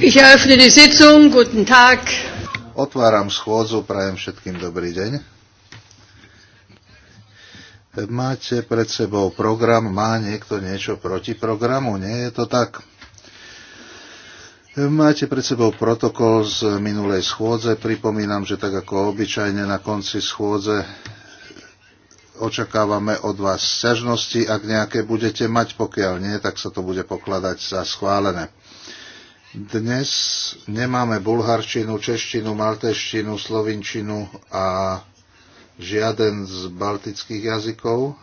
Ich eröffne die Sitzung. Guten Tag. Otváram schôdzu, prajem všetkým dobrý deň. Máte pred sebou program, má niekto niečo proti programu? Nie je to tak? Máte pred sebou protokol z minulej schôdze. Pripomínam, že tak ako obyčajne na konci schôdze očakávame od vás sťažnosti. Ak nejaké budete mať, pokiaľ nie, tak sa to bude pokladať za schválené. Dnes nemáme bulharčinu, češtinu, malteštinu, slovinčinu a žiaden z baltických jazykov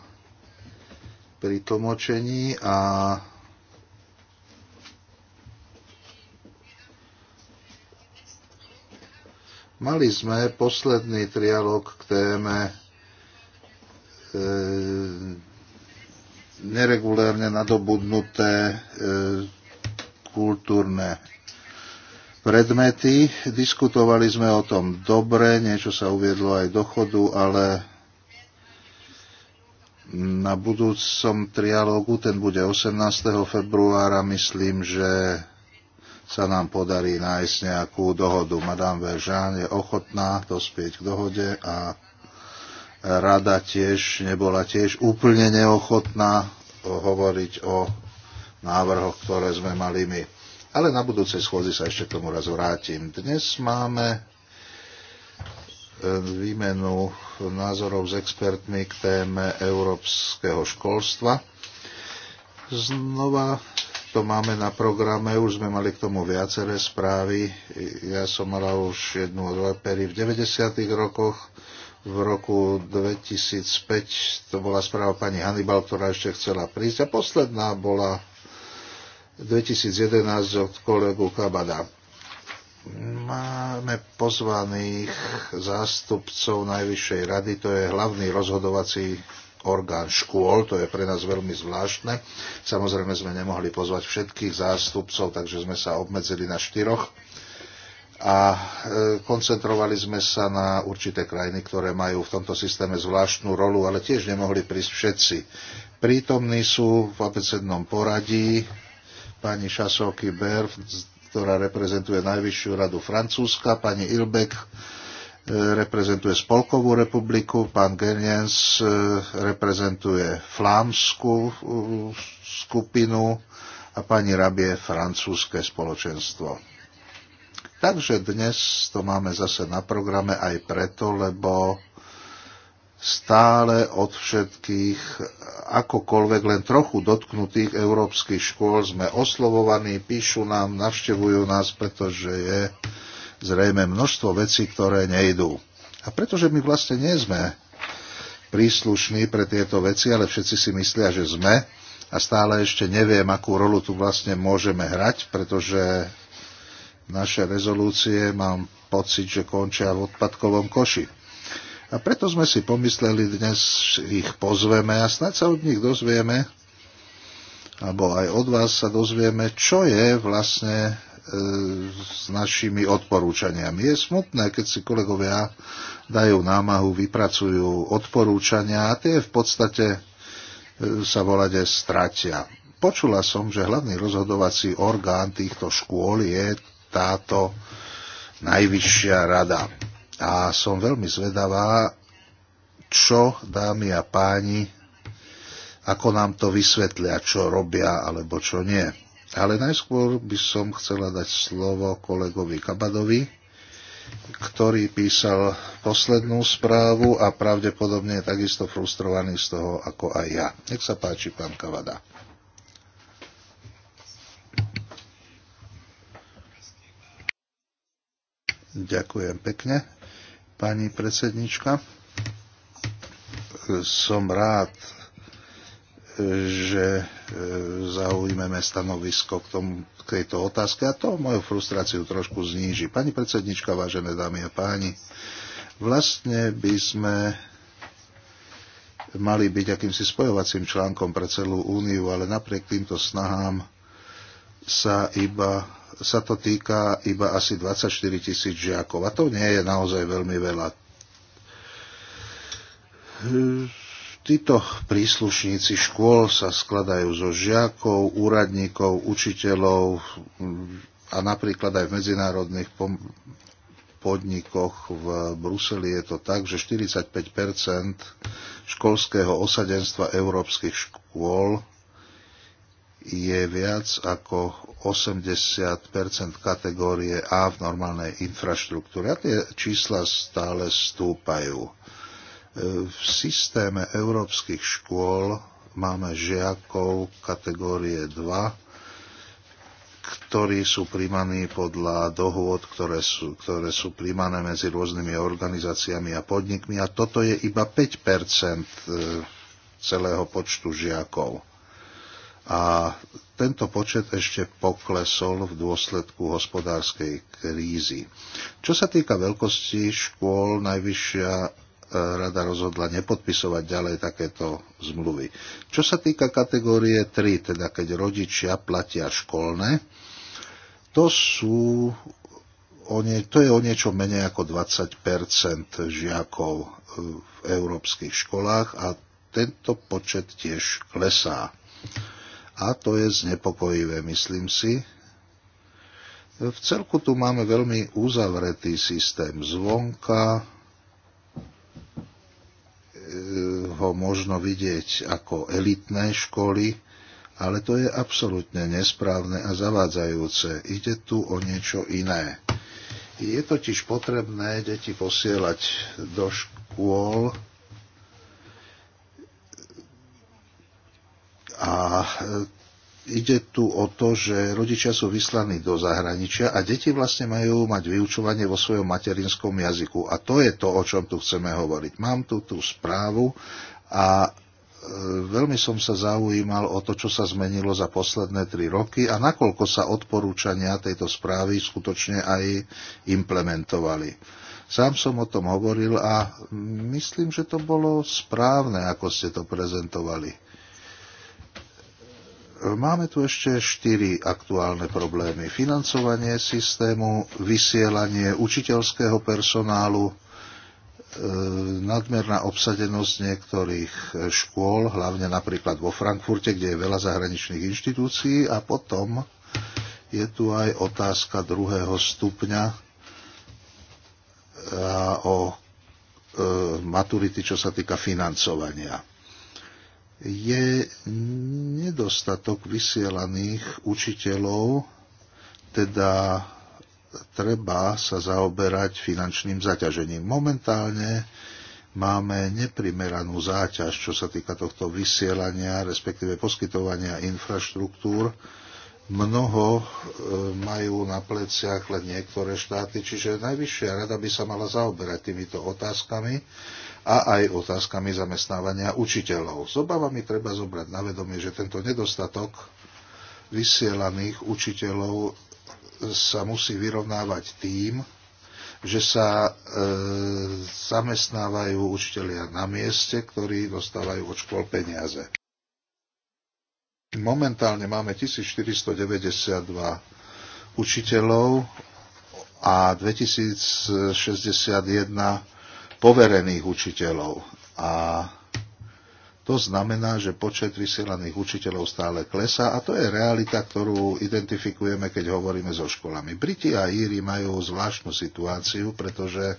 pri tlmočení a mali sme posledný trialog k téme e, neregulérne nadobudnuté e, kultúrne predmety. Diskutovali sme o tom dobre, niečo sa uviedlo aj do chodu, ale na budúcom trialógu, ten bude 18. februára, myslím, že sa nám podarí nájsť nejakú dohodu. Madame Veržán je ochotná dospieť k dohode a rada tiež nebola tiež úplne neochotná hovoriť o návrhoch, ktoré sme mali my. Ale na budúcej schôdzi sa ešte k tomu raz vrátim. Dnes máme e, výmenu názorov s expertmi k téme európskeho školstva. Znova to máme na programe, už sme mali k tomu viaceré správy. Ja som mala už jednu od Lepery v 90. rokoch. V roku 2005 to bola správa pani Hannibal, ktorá ešte chcela prísť. A posledná bola 2011 od kolegu Kabada. Máme pozvaných zástupcov Najvyššej rady, to je hlavný rozhodovací orgán škôl, to je pre nás veľmi zvláštne. Samozrejme sme nemohli pozvať všetkých zástupcov, takže sme sa obmedzili na štyroch a e, koncentrovali sme sa na určité krajiny, ktoré majú v tomto systéme zvláštnu rolu, ale tiež nemohli prísť všetci. Prítomní sú v abecednom poradí pani Šasovky Ber, ktorá reprezentuje Najvyššiu radu Francúzska, pani Ilbek e, reprezentuje Spolkovú republiku, pán Geniens e, reprezentuje flámsku e, skupinu a pani Rabie francúzske spoločenstvo. Takže dnes to máme zase na programe aj preto, lebo stále od všetkých akokoľvek len trochu dotknutých európskych škôl sme oslovovaní, píšu nám, navštevujú nás, pretože je zrejme množstvo vecí, ktoré nejdú. A pretože my vlastne nie sme príslušní pre tieto veci, ale všetci si myslia, že sme a stále ešte neviem, akú rolu tu vlastne môžeme hrať, pretože naše rezolúcie mám pocit, že končia v odpadkovom koši. A preto sme si pomysleli, dnes ich pozveme a snad sa od nich dozvieme, alebo aj od vás sa dozvieme, čo je vlastne e, s našimi odporúčaniami. Je smutné, keď si kolegovia dajú námahu, vypracujú odporúčania a tie v podstate e, sa volade stratia. Počula som, že hlavný rozhodovací orgán týchto škôl je táto najvyššia rada a som veľmi zvedavá, čo dámy a páni, ako nám to vysvetlia, čo robia alebo čo nie. Ale najskôr by som chcela dať slovo kolegovi Kabadovi, ktorý písal poslednú správu a pravdepodobne je takisto frustrovaný z toho ako aj ja. Nech sa páči, pán Kavada. Ďakujem pekne pani predsednička. Som rád, že e, zaujímeme stanovisko k, tomu, k tejto otázke a to moju frustráciu trošku zníži. Pani predsednička, vážené dámy a páni, vlastne by sme mali byť akýmsi spojovacím článkom pre celú úniu, ale napriek týmto snahám sa iba sa to týka iba asi 24 tisíc žiakov. A to nie je naozaj veľmi veľa. Títo príslušníci škôl sa skladajú zo žiakov, úradníkov, učiteľov a napríklad aj v medzinárodných podnikoch v Bruseli je to tak, že 45 školského osadenstva európskych škôl je viac ako 80 kategórie A v normálnej infraštruktúre. A tie čísla stále stúpajú. E, v systéme európskych škôl máme žiakov kategórie 2, ktorí sú príjmaní podľa dohôd, ktoré sú, ktoré sú príjmané medzi rôznymi organizáciami a podnikmi. A toto je iba 5 e, celého počtu žiakov. A tento počet ešte poklesol v dôsledku hospodárskej krízy. Čo sa týka veľkosti škôl, najvyššia e, rada rozhodla nepodpisovať ďalej takéto zmluvy. Čo sa týka kategórie 3, teda keď rodičia platia školné, to sú o nie, to je o niečo menej ako 20 žiakov e, v európskych školách a tento počet tiež klesá a to je znepokojivé, myslím si. V celku tu máme veľmi uzavretý systém zvonka, e, ho možno vidieť ako elitné školy, ale to je absolútne nesprávne a zavádzajúce. Ide tu o niečo iné. Je totiž potrebné deti posielať do škôl, A e, ide tu o to, že rodičia sú vyslaní do zahraničia a deti vlastne majú mať vyučovanie vo svojom materinskom jazyku. A to je to, o čom tu chceme hovoriť. Mám tu tú správu a e, veľmi som sa zaujímal o to, čo sa zmenilo za posledné tri roky a nakoľko sa odporúčania tejto správy skutočne aj implementovali. Sám som o tom hovoril a myslím, že to bolo správne, ako ste to prezentovali. Máme tu ešte štyri aktuálne problémy. Financovanie systému, vysielanie učiteľského personálu, e, nadmerná obsadenosť niektorých škôl, hlavne napríklad vo Frankfurte, kde je veľa zahraničných inštitúcií a potom je tu aj otázka druhého stupňa e, a o e, maturity, čo sa týka financovania je nedostatok vysielaných učiteľov, teda treba sa zaoberať finančným zaťažením. Momentálne máme neprimeranú záťaž, čo sa týka tohto vysielania, respektíve poskytovania infraštruktúr. Mnoho e, majú na pleciach len niektoré štáty, čiže Najvyššia rada by sa mala zaoberať týmito otázkami a aj otázkami zamestnávania učiteľov. S obavami treba zobrať na vedomie, že tento nedostatok vysielaných učiteľov sa musí vyrovnávať tým, že sa e, zamestnávajú učiteľia na mieste, ktorí dostávajú od škôl peniaze. Momentálne máme 1492 učiteľov a 2061 poverených učiteľov. A to znamená, že počet vysielaných učiteľov stále klesá a to je realita, ktorú identifikujeme, keď hovoríme so školami. Briti a Íri majú zvláštnu situáciu, pretože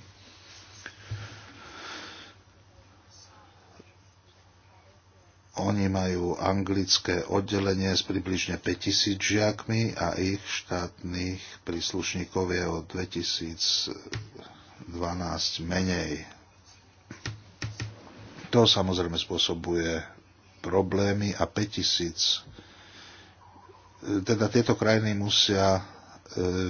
oni majú anglické oddelenie s približne 5000 žiakmi a ich štátnych príslušníkov je o 2000 12 menej. To samozrejme spôsobuje problémy a 5000. Teda tieto krajiny musia e,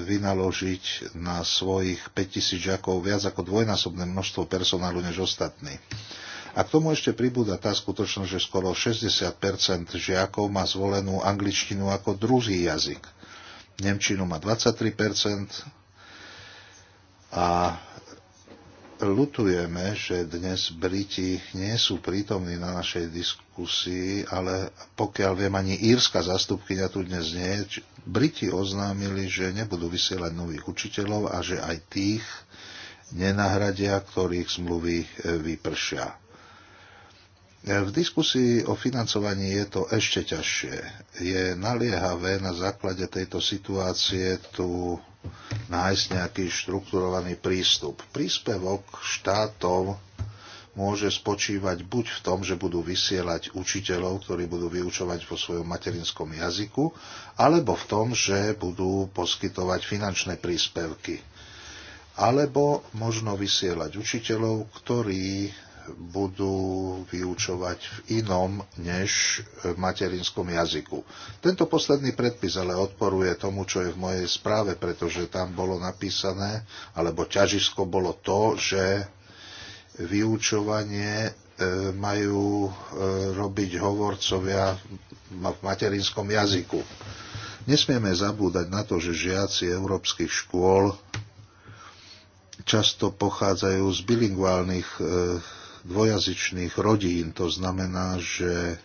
vynaložiť na svojich 5000 žiakov viac ako dvojnásobné množstvo personálu než ostatní. A k tomu ešte pribúda tá skutočnosť, že skoro 60% žiakov má zvolenú angličtinu ako druhý jazyk. Nemčinu má 23% a Lutujeme, že dnes Briti nie sú prítomní na našej diskusii, ale pokiaľ viem, ani írska zastupkynia tu dnes nie je. Briti oznámili, že nebudú vysielať nových učiteľov a že aj tých nenahradia, ktorých zmluvy e, vypršia. E, v diskusii o financovaní je to ešte ťažšie. Je naliehavé na základe tejto situácie tu nájsť nejaký štrukturovaný prístup. Príspevok štátov môže spočívať buď v tom, že budú vysielať učiteľov, ktorí budú vyučovať vo svojom materinskom jazyku, alebo v tom, že budú poskytovať finančné príspevky. Alebo možno vysielať učiteľov, ktorí budú vyučovať v inom než v materinskom jazyku. Tento posledný predpis ale odporuje tomu, čo je v mojej správe, pretože tam bolo napísané, alebo ťažisko bolo to, že vyučovanie e, majú e, robiť hovorcovia v materinskom jazyku. Nesmieme zabúdať na to, že žiaci európskych škôl často pochádzajú z bilinguálnych. E, dvojazyčných rodín. To znamená, že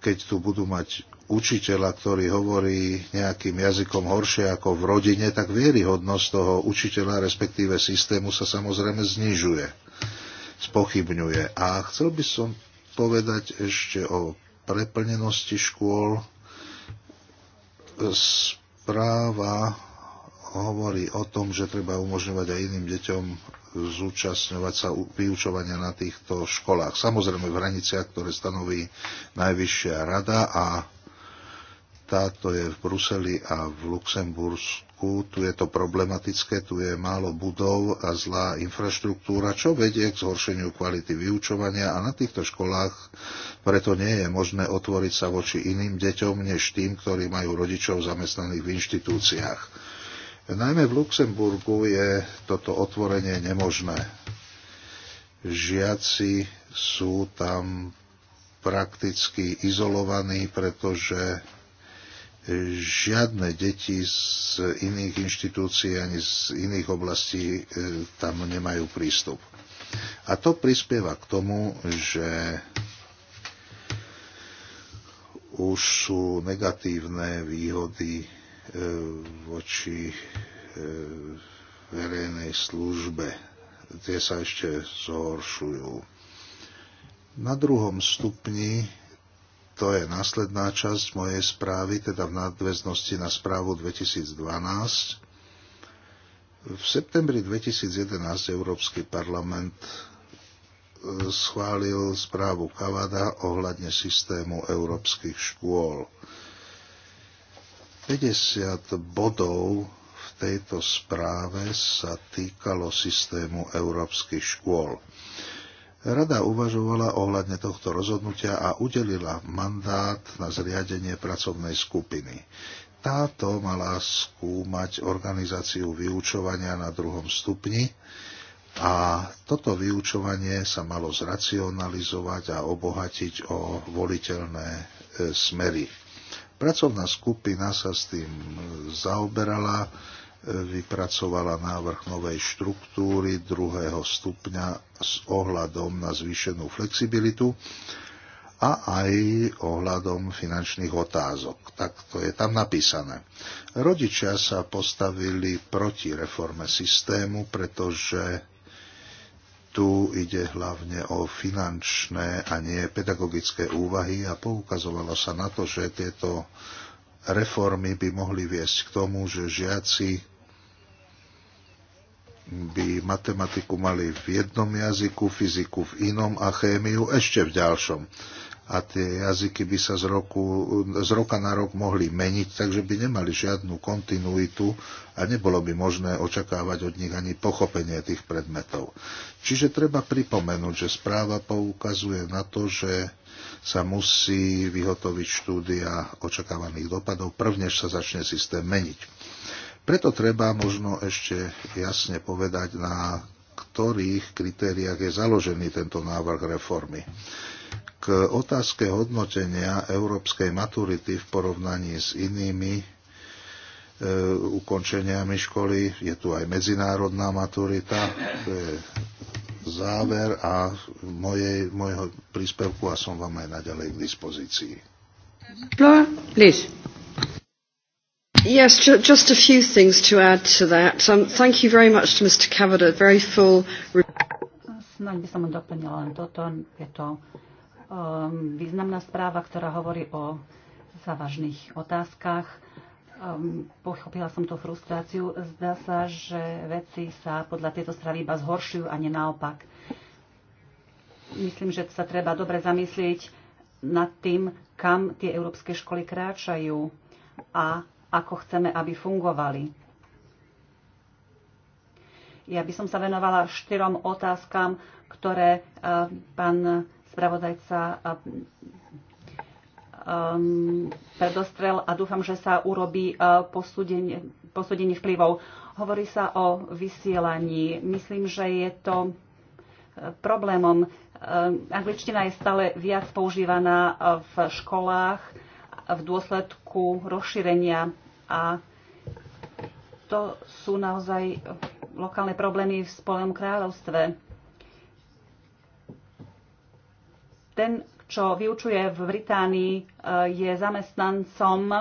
keď tu budú mať učiteľa, ktorý hovorí nejakým jazykom horšie ako v rodine, tak vieryhodnosť toho učiteľa, respektíve systému sa samozrejme znižuje, spochybňuje. A chcel by som povedať ešte o preplnenosti škôl. Správa hovorí o tom, že treba umožňovať aj iným deťom zúčastňovať sa vyučovania na týchto školách. Samozrejme v hraniciach, ktoré stanoví Najvyššia rada a táto je v Bruseli a v Luxembursku. Tu je to problematické, tu je málo budov a zlá infraštruktúra, čo vedie k zhoršeniu kvality vyučovania a na týchto školách preto nie je možné otvoriť sa voči iným deťom než tým, ktorí majú rodičov zamestnaných v inštitúciách Najmä v Luxemburgu je toto otvorenie nemožné. Žiaci sú tam prakticky izolovaní, pretože žiadne deti z iných inštitúcií ani z iných oblastí e, tam nemajú prístup. A to prispieva k tomu, že už sú negatívne výhody E, voči e, verejnej službe. Tie sa ešte zhoršujú. Na druhom stupni, to je následná časť mojej správy, teda v nadväznosti na správu 2012, v septembri 2011 Európsky parlament e, schválil správu Kavada ohľadne systému európskych škôl. 50 bodov v tejto správe sa týkalo systému európskych škôl. Rada uvažovala ohľadne tohto rozhodnutia a udelila mandát na zriadenie pracovnej skupiny. Táto mala skúmať organizáciu vyučovania na druhom stupni a toto vyučovanie sa malo zracionalizovať a obohatiť o voliteľné e, smery. Pracovná skupina sa s tým e, zaoberala, e, vypracovala návrh novej štruktúry druhého stupňa s ohľadom na zvýšenú flexibilitu a aj ohľadom finančných otázok. Tak to je tam napísané. Rodičia sa postavili proti reforme systému, pretože tu ide hlavne o finančné a nie pedagogické úvahy a poukazovalo sa na to, že tieto reformy by mohli viesť k tomu, že žiaci by matematiku mali v jednom jazyku, fyziku v inom a chémiu ešte v ďalšom a tie jazyky by sa z, roku, z roka na rok mohli meniť, takže by nemali žiadnu kontinuitu a nebolo by možné očakávať od nich ani pochopenie tých predmetov. Čiže treba pripomenúť, že správa poukazuje na to, že sa musí vyhotoviť štúdia očakávaných dopadov, prvnež sa začne systém meniť. Preto treba možno ešte jasne povedať, na ktorých kritériách je založený tento návrh reformy. K otázke hodnotenia európskej maturity v porovnaní s inými e, ukončeniami školy je tu aj medzinárodná maturita. To je záver a mojej, mojho príspevku a som vám aj naďalej k dispozícii. Yes, ju just a few things to add to that. Um, thank you very much to Mr. Cavada, very full. no, by som doplnila len toto. Je to Ehm, významná správa, ktorá hovorí o závažných otázkach. Ehm, pochopila som tú frustráciu. Zdá sa, že veci sa podľa tejto správy iba zhoršujú a nie naopak. Myslím, že sa treba dobre zamyslieť nad tým, kam tie európske školy kráčajú a ako chceme, aby fungovali. Ja by som sa venovala štyrom otázkam, ktoré eh, pán spravodajca um, predostrel a dúfam, že sa urobí uh, posúdenie, posúdenie vplyvov. Hovorí sa o vysielaní. Myslím, že je to e, problémom. E, angličtina je stále viac používaná e, v školách v dôsledku rozšírenia a to sú naozaj lokálne problémy v Spojenom kráľovstve ten, čo vyučuje v Británii, e, je zamestnancom e,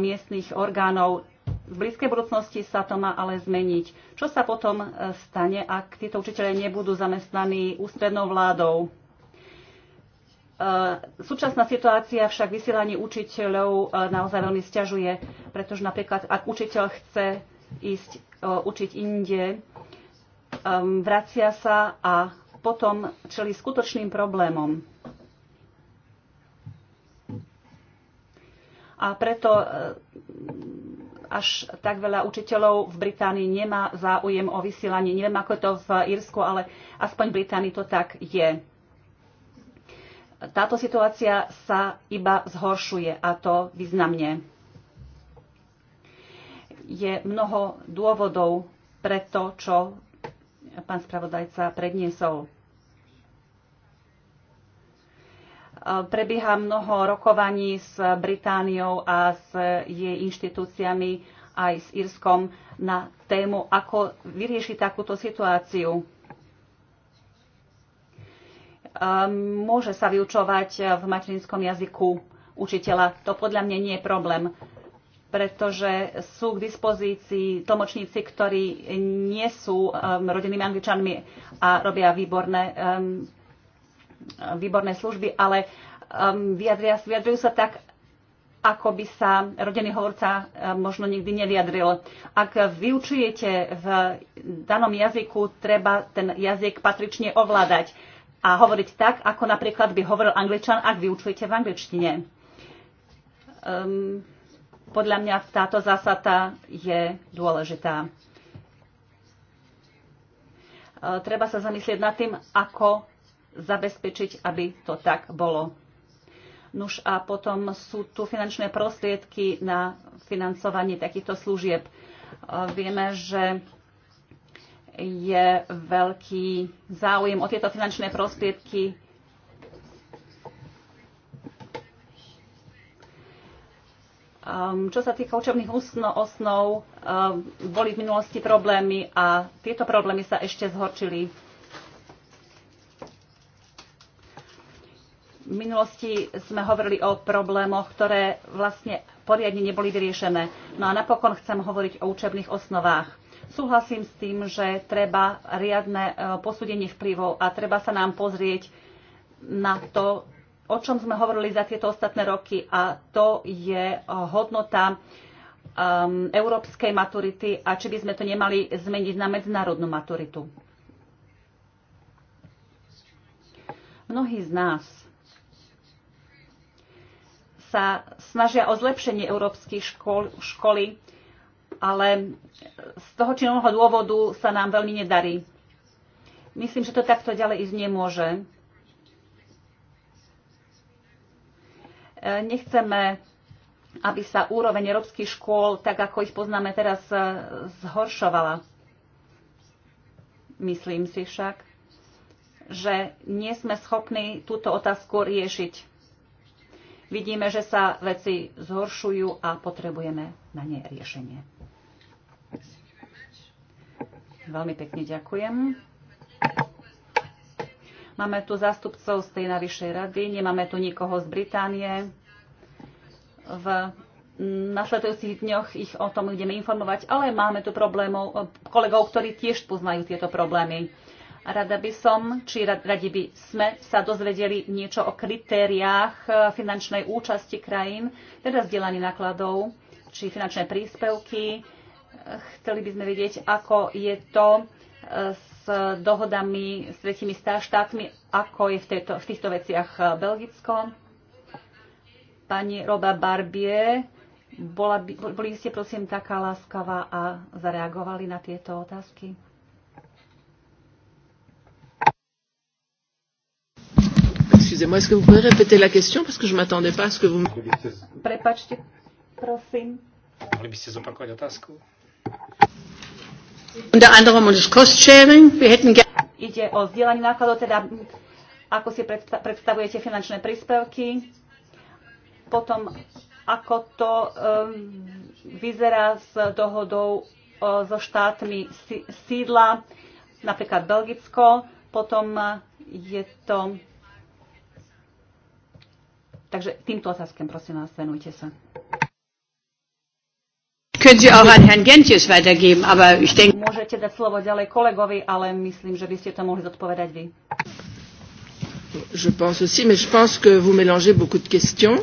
miestnych orgánov. V blízkej budúcnosti sa to má ale zmeniť. Čo sa potom e, stane, ak títo učiteľe nebudú zamestnaní ústrednou vládou? Súčasná situácia však vysielanie učiteľov naozaj veľmi stiažuje, pretože napríklad ak učiteľ chce ísť učiť inde, vracia sa a potom čeli skutočným problémom. A preto e, až tak veľa učiteľov v Británii nemá záujem o vysielanie. Neviem, ako je to v Írsku, ale aspoň v Británii to tak je. Táto situácia sa iba zhoršuje a to významne. Je mnoho dôvodov pre to, čo pán spravodajca predniesol. E, prebieha mnoho rokovaní s Britániou a s jej inštitúciami aj s Írskom na tému, ako vyriešiť takúto situáciu. E, môže sa vyučovať v materinskom jazyku učiteľa. To podľa mňa nie je problém pretože sú k dispozícii tlmočníci, ktorí nie sú um, rodinnými angličanmi a robia výborné, um, výborné služby, ale um, vyjadria, vyjadrujú sa tak, ako by sa rodený hovorca um, možno nikdy nevyjadril. Ak vyučujete v danom jazyku, treba ten jazyk patrične ovládať a hovoriť tak, ako napríklad by hovoril angličan, ak vyučujete v angličtine. Um, podľa mňa táto zásada je dôležitá. E, treba sa zamyslieť nad tým, ako zabezpečiť, aby to tak bolo. Nuž a potom sú tu finančné prostriedky na financovanie takýchto služieb. E, vieme, že je veľký záujem o tieto finančné prostriedky Um, čo sa týka učebných osnov, osnov um, ehm, boli v minulosti problémy a tieto problémy sa ešte zhorčili. V minulosti sme hovorili o problémoch, ktoré vlastne poriadne neboli vyriešené. No a napokon chcem hovoriť o učebných osnovách. Súhlasím s tým, že treba riadne ehm, posúdenie vplyvov a treba sa nám pozrieť na to, o čom sme hovorili za tieto ostatné roky a to je hodnota um, európskej maturity a či by sme to nemali zmeniť na medzinárodnú maturitu. Mnohí z nás sa snažia o zlepšenie európskych škol, školy, ale z toho či dôvodu sa nám veľmi nedarí. Myslím, že to takto ďalej ísť nemôže Nechceme, aby sa úroveň európskych škôl, tak ako ich poznáme teraz, e, zhoršovala. Myslím si však, že nie sme schopní túto otázku riešiť. Vidíme, že sa veci zhoršujú a potrebujeme na ne riešenie. Veľmi pekne ďakujem. Máme tu zástupcov z tej najvyššej rady, nemáme tu nikoho z Británie. V nasledujúcich dňoch ich o tom budeme informovať, ale máme tu problémov, kolegov, ktorí tiež poznajú tieto problémy. Rada by som, či radi by sme sa dozvedeli niečo o kritériách e, finančnej účasti krajín, teda zdieľaní nákladov či finančné príspevky. E, chceli by sme vedieť, ako je to e, s dohodami s tretimi štátmi, ako je v, tejto, v týchto veciach eh, Belgicko. Pani Roba Barbie, bola, boli ste prosím taká láskavá a zareagovali na tieto otázky? Excusez-moi, est-ce que vous pouvez répéter la question parce que je m'attendais pas à ce que vous Prepačte, prosím. Mohli by ste zopakovať otázku? Unter anderem um das Cost-Sharing. Wir hätten Ide o zdieľanie nákladov, teda ako si predstavujete finančné príspevky, potom ako to um, vyzerá s dohodou so štátmi sídla, napríklad Belgicko, potom e, je to... Takže týmto otázkem prosím vás venujte sa. Können Sie auch an Herrn Gentius weitergeben, aber ich denke... Môžete dať slovo ďalej kolegovi, ale myslím, že by ste to mohli zodpovedať vy. Je pense aussi, mais je pense que vous mélangez beaucoup de questions.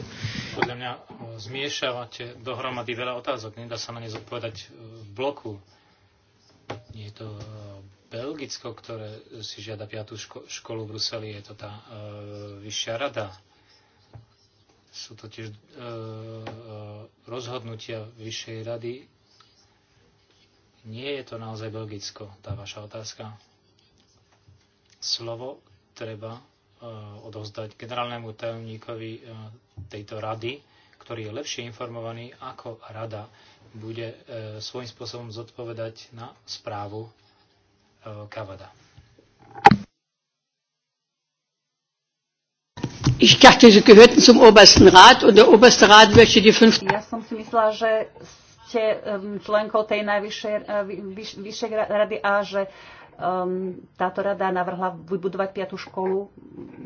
Podľa mňa eh, zmiešavate dohromady veľa otázok. Nedá sa na ne zodpovedať eh, v bloku. Je to eh, Belgicko, ktoré si žiada piatú ško- školu v Bruseli, je to tá e, vyššia rada. Sú to tiež e, e, rozhodnutia Vyššej rady. Nie je to naozaj Belgicko, tá vaša otázka. Slovo treba e, odovzdať generálnemu tajomníkovi e, tejto rady, ktorý je lepšie informovaný, ako rada bude e, svojím spôsobom zodpovedať na správu e, Kavada. Ich dachte, Sie gehörten zum Obersten Rat und der Oberste Rat möchte die fünf... Ja som si myslela, že ste um, členkou tej najvyššej uh, vyš, vyššej rady a že um, táto rada navrhla vybudovať piatu školu.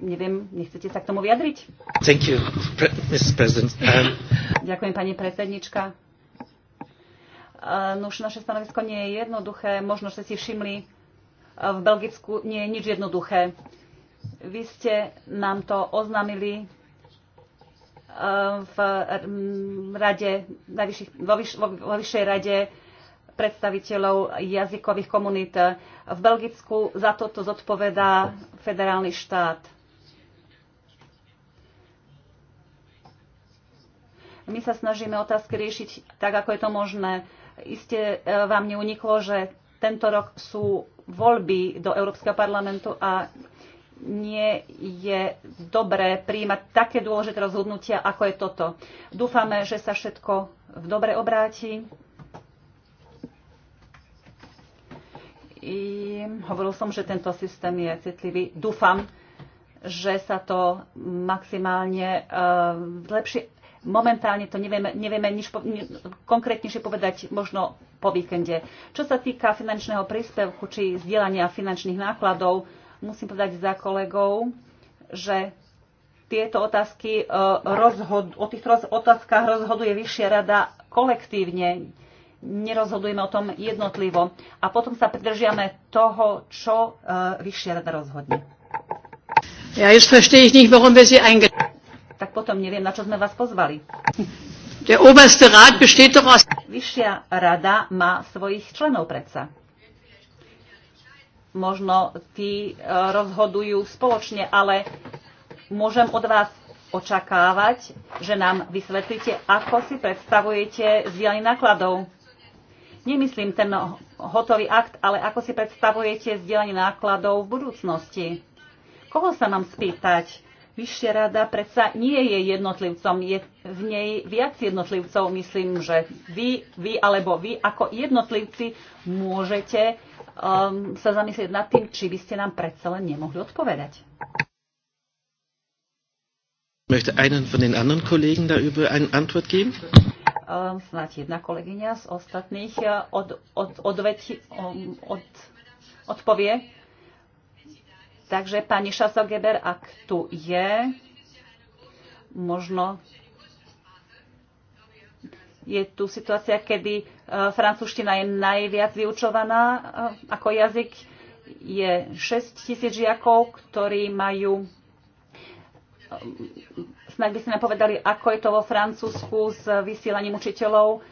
Neviem, nechcete sa k tomu vyjadriť? Thank you, pre, Mrs. President. Um... Ďakujem, pani predsednička. Uh, no už naše stanovisko nie je jednoduché. Možno ste si všimli, uh, v Belgicku nie je nič jednoduché. Vy ste nám to oznámili e, v rade, vo, vyššej rade predstaviteľov jazykových komunít. V Belgicku za toto zodpovedá federálny štát. My sa snažíme otázky riešiť tak, ako je to možné. Isté e, vám neuniklo, že tento rok sú voľby do Európskeho parlamentu a nie je dobré príjmať také dôležité rozhodnutia, ako je toto. Dúfame, že sa všetko v dobre obráti. I hovoril som, že tento systém je citlivý. Dúfam, že sa to maximálne uh, e, zlepší. Momentálne to nevieme, nevieme nič po, ne, konkrétnejšie povedať, možno po víkende. Čo sa týka finančného príspevku či zdieľania finančných nákladov, Musím povedať za kolegov, že tieto otázky e, rozhod- o tých otázkach rozhoduje vyššia rada kolektívne. Nerozhodujeme o tom jednotlivo. A potom sa pridržiame toho, čo e, vyššia rada rozhodne. Ja jetzt verstehe ich nicht, warum wir sie einge- Tak potom neviem, na čo sme vás pozvali. Der oberste Rat besteht doch aus... Vyššia rada má svojich členov predsa možno tí e, rozhodujú spoločne, ale môžem od vás očakávať, že nám vysvetlíte, ako si predstavujete zdieľanie nákladov. Nemyslím ten hotový akt, ale ako si predstavujete zdieľanie nákladov v budúcnosti. Koho sa mám spýtať? Vyššia rada predsa nie je jednotlivcom, je v nej viac jednotlivcov. Myslím, že vy, vy alebo vy ako jednotlivci môžete um, sa zamyslieť nad tým, či by ste nám predsa len nemohli odpovedať. Möchte einen von den anderen Kollegen da über eine Antwort geben? Um, snáď jedna kolegyňa z ostatných uh, od, od, odveti, um, od, odpovie. Takže pani Šasogeber, ak tu je, možno je tu situácia, kedy e, francúzština je najviac vyučovaná e, ako jazyk. Je 6 tisíc žiakov, ktorí majú e, snáď by ste nám povedali, ako je to vo Francúzsku s vysielaním učiteľov.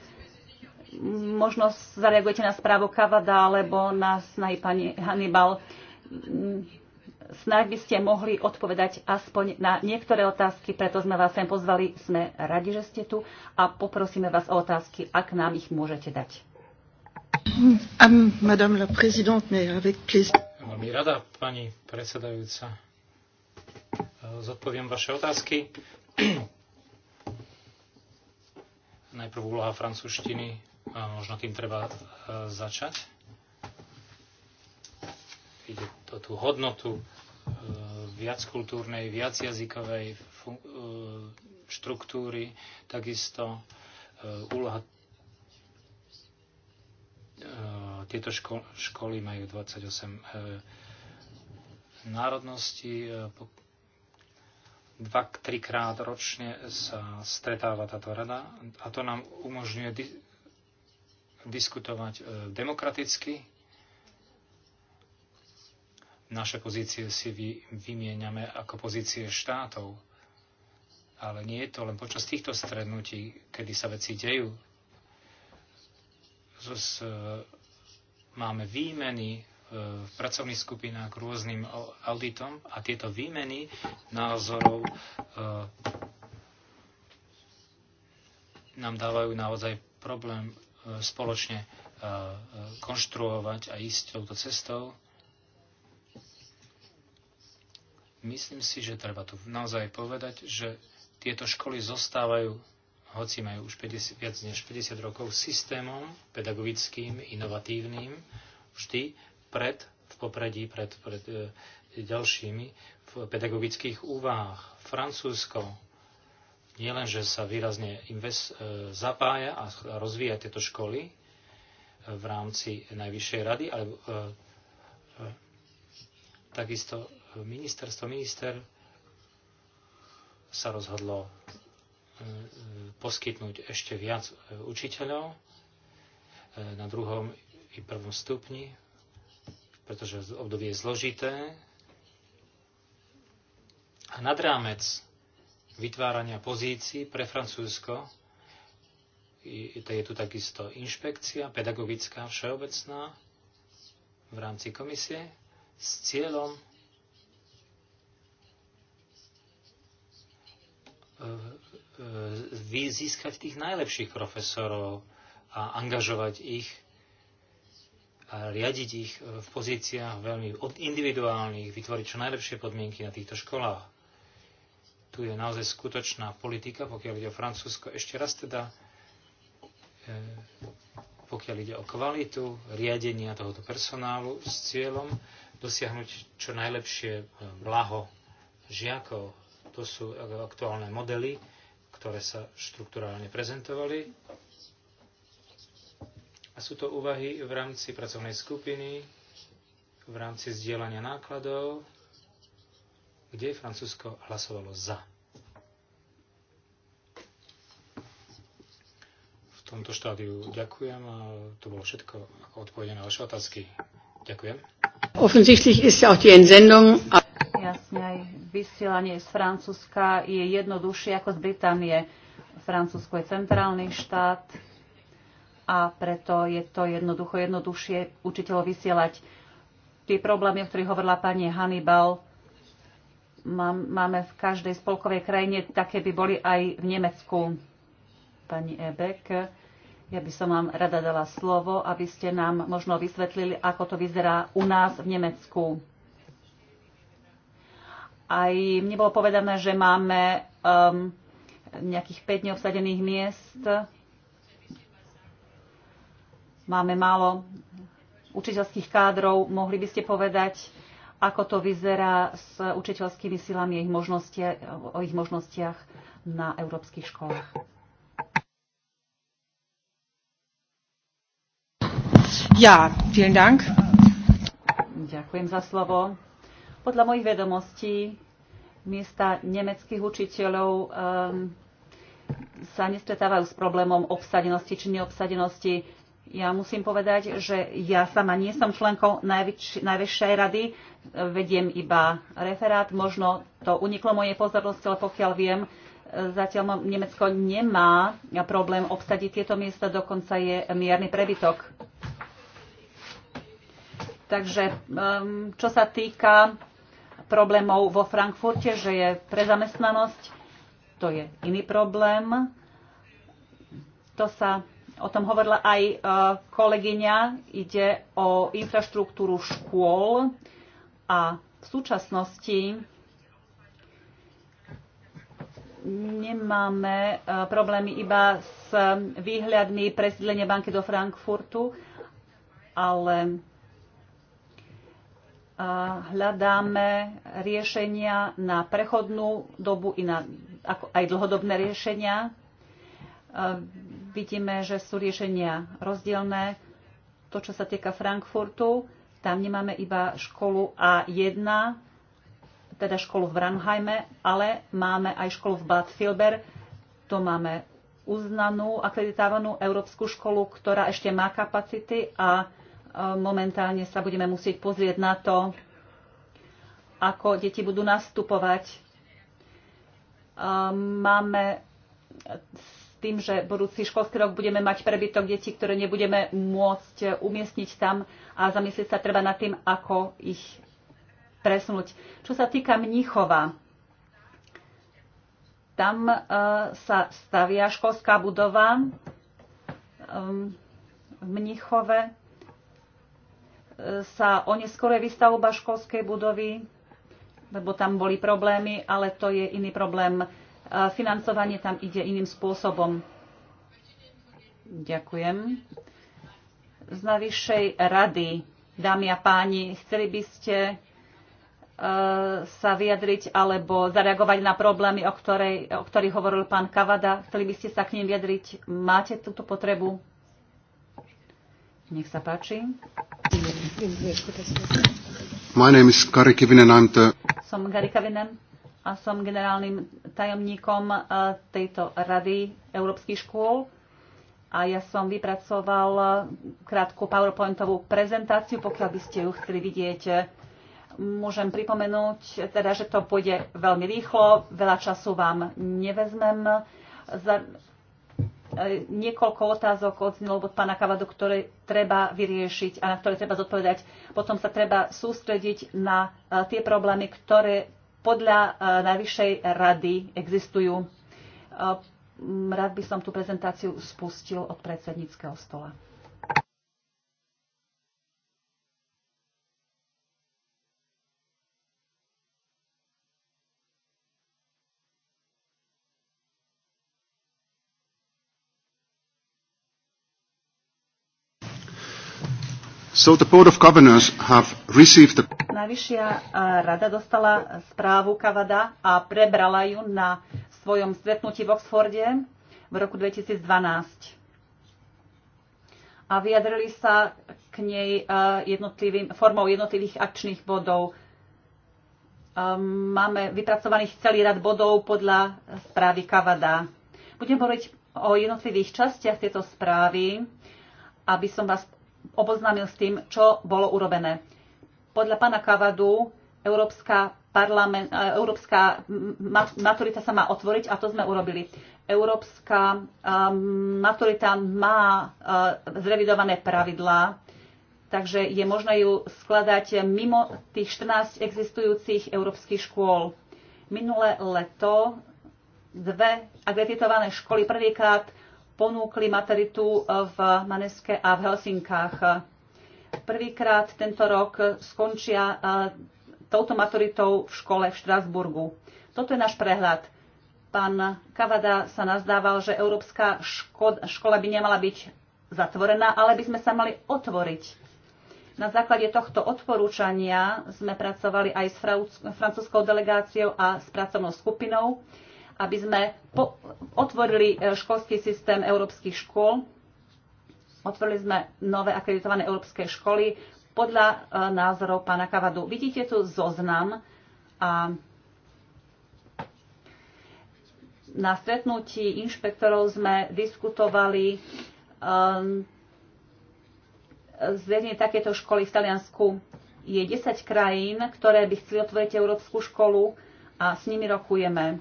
Možno zareagujete na správu Kavada alebo na snahy pani Hannibal snáď by ste mohli odpovedať aspoň na niektoré otázky, preto sme vás sem pozvali. Sme radi, že ste tu a poprosíme vás o otázky, ak nám ich môžete dať. Madame la présidente, mais avec plaisir. Veľmi rada, pani predsedajúca. Zodpoviem vaše otázky. Najprv úloha francúzštiny, možno tým treba e, začať ide o tú hodnotu e, viackultúrnej, viacjazykovej e, štruktúry, takisto e, úloha tieto ško- školy majú 28 národností. Dva, trikrát ročne sa stretáva táto rada a to nám umožňuje di- diskutovať demokraticky naše pozície si vy, vymieňame ako pozície štátov, ale nie je to len počas týchto strednutí, kedy sa veci dejú. Zos, e, máme výmeny e, v pracovných skupinách k rôznym auditom a tieto výmeny názorov e, nám dávajú naozaj problém spoločne konštruovať a ísť touto cestou. Myslím si, že treba tu naozaj povedať, že tieto školy zostávajú, hoci majú už 50, viac než 50 rokov, systémom pedagogickým, inovatívnym, vždy pred, v popredí, pred, pred e, ďalšími v pedagogických úvahách. Francúzsko nielenže sa výrazne invest, e, zapája a rozvíja tieto školy, e, v rámci Najvyššej rady, ale e, e, takisto ministerstvo, minister sa rozhodlo e, e, poskytnúť ešte viac e, učiteľov na druhom i prvom stupni, pretože obdobie je zložité. A nad rámec vytvárania pozícií pre Francúzsko je tu takisto inšpekcia pedagogická všeobecná v rámci komisie s cieľom E, e, e, získať tých najlepších profesorov a angažovať ich a riadiť ich v pozíciách veľmi individuálnych, vytvoriť čo najlepšie podmienky na týchto školách. Tu je naozaj skutočná politika, pokiaľ ide o Francúzsko. Ešte raz teda, pokiaľ ide o kvalitu riadenia tohoto personálu s cieľom dosiahnuť čo najlepšie blaho žiakov to sú aktuálne modely, ktoré sa štruktúrálne prezentovali. A sú to úvahy v rámci pracovnej skupiny, v rámci zdieľania nákladov, kde Francúzsko hlasovalo za. V tomto štádiu ďakujem a to bolo všetko ako odpovede na vaše otázky. Ďakujem. Offensichtlich ist ja auch die Entsendung jasne aj vysielanie z Francúzska je jednoduchšie ako z Británie. Francúzsko je centrálny štát a preto je to jednoducho jednoduchšie učiteľov vysielať. Tie problémy, o ktorých hovorila pani Hannibal, máme v každej spolkovej krajine, také by boli aj v Nemecku. Pani Ebek, ja by som vám rada dala slovo, aby ste nám možno vysvetlili, ako to vyzerá u nás v Nemecku. Aj mne bolo povedané, že máme um, nejakých 5 neobsadených miest. Máme málo učiteľských kádrov. Mohli by ste povedať, ako to vyzerá s učiteľskými silami ich o ich možnostiach na európskych školách? Ja, vielen Dank. Ďakujem za slovo. Podľa mojich vedomostí miesta nemeckých učiteľov um, sa nestretávajú s problémom obsadenosti či neobsadenosti. Ja musím povedať, že ja sama nie som členkou najväč- najväčšej rady, vediem iba referát, možno to uniklo mojej pozornosti, ale pokiaľ viem, zatiaľ Nemecko nemá problém obsadiť tieto miesta, dokonca je mierny prebytok. Takže ehm, čo sa týka problémov vo Frankfurte, že je prezamestnanosť, to je iný problém. To sa o tom hovorila aj e, kolegyňa, ide o infraštruktúru škôl a v súčasnosti nemáme e, problémy iba s výhľadmi presídlenia banky do Frankfurtu, ale hľadáme riešenia na prechodnú dobu i na ako aj dlhodobné riešenia. Vidíme, že sú riešenia rozdielne. To, čo sa týka Frankfurtu, tam nemáme iba školu A1, teda školu v Ranheime, ale máme aj školu v Bad Filber. To máme uznanú, akreditávanú európsku školu, ktorá ešte má kapacity a momentálne sa budeme musieť pozrieť na to, ako deti budú nastupovať. Máme s tým, že budúci školský rok budeme mať prebytok detí, ktoré nebudeme môcť umiestniť tam a zamyslieť sa treba nad tým, ako ich presunúť. Čo sa týka Mníchova, tam e, sa stavia školská budova e, v Mníchove sa oneskoruje výstavba školskej budovy, lebo tam boli problémy, ale to je iný problém. E, financovanie tam ide iným spôsobom. Ďakujem. Z najvyššej rady, dámy a páni, chceli by ste e, sa vyjadriť alebo zareagovať na problémy, o, ktorej, o ktorých hovoril pán Kavada. Chceli by ste sa k ním vyjadriť? Máte túto potrebu? Nech sa páči. My name is Kari Kivinen, I'm the... Som Gary Kivinen a som generálnym tajomníkom eh, tejto rady európskych škôl a ja som vypracoval eh, krátku PowerPointovú prezentáciu, pokiaľ by ste ju chceli vidieť. Môžem pripomenúť, teda, že to pôjde veľmi rýchlo, veľa času vám nevezmem. E, niekoľko otázok odznelo od pána Kavadu, ktoré treba vyriešiť a na ktoré treba zodpovedať. Potom sa treba sústrediť na e, tie problémy, ktoré podľa e, najvyššej rady existujú. Rád by som tú prezentáciu spustil od predsedníckého stola. So the Board of Governors have received the... Najvyššia rada dostala správu Kavada a prebrala ju na svojom stretnutí v Oxforde v roku 2012. A vyjadrili sa k nej jednotlivým, formou jednotlivých akčných bodov. Máme vypracovaných celý rad bodov podľa správy Kavada. Budem hovoriť o jednotlivých častiach tejto správy, aby som vás oboznámil s tým, čo bolo urobené. Podľa pána Kavadu Európska, parlament, e, Európska maturita sa má otvoriť a to sme urobili. Európska maturita má e, zrevidované pravidlá, takže je možné ju skladať mimo tých 14 existujúcich európskych škôl. Minulé leto dve akreditované školy prvýkrát ponúkli maturitu e, v Maneske a v Helsinkách. Prvýkrát tento rok skončia e, touto maturitou v škole v Štrasburgu. Toto je náš prehľad. Pán Kavada sa nazdával, že Európska škola by nemala byť zatvorená, ale by sme sa mali otvoriť. Na základe tohto odporúčania sme pracovali aj s francúzskou delegáciou a s pracovnou skupinou aby sme otvorili e, školský systém európskych škôl. Otvorili sme nové akreditované európske školy podľa e, názorov pána Kavadu. Vidíte tu zoznam a na stretnutí inšpektorov sme diskutovali um, ehm, zriadenie takéto školy v Taliansku. Je 10 krajín, ktoré by chceli otvoriť Európsku školu a s nimi rokujeme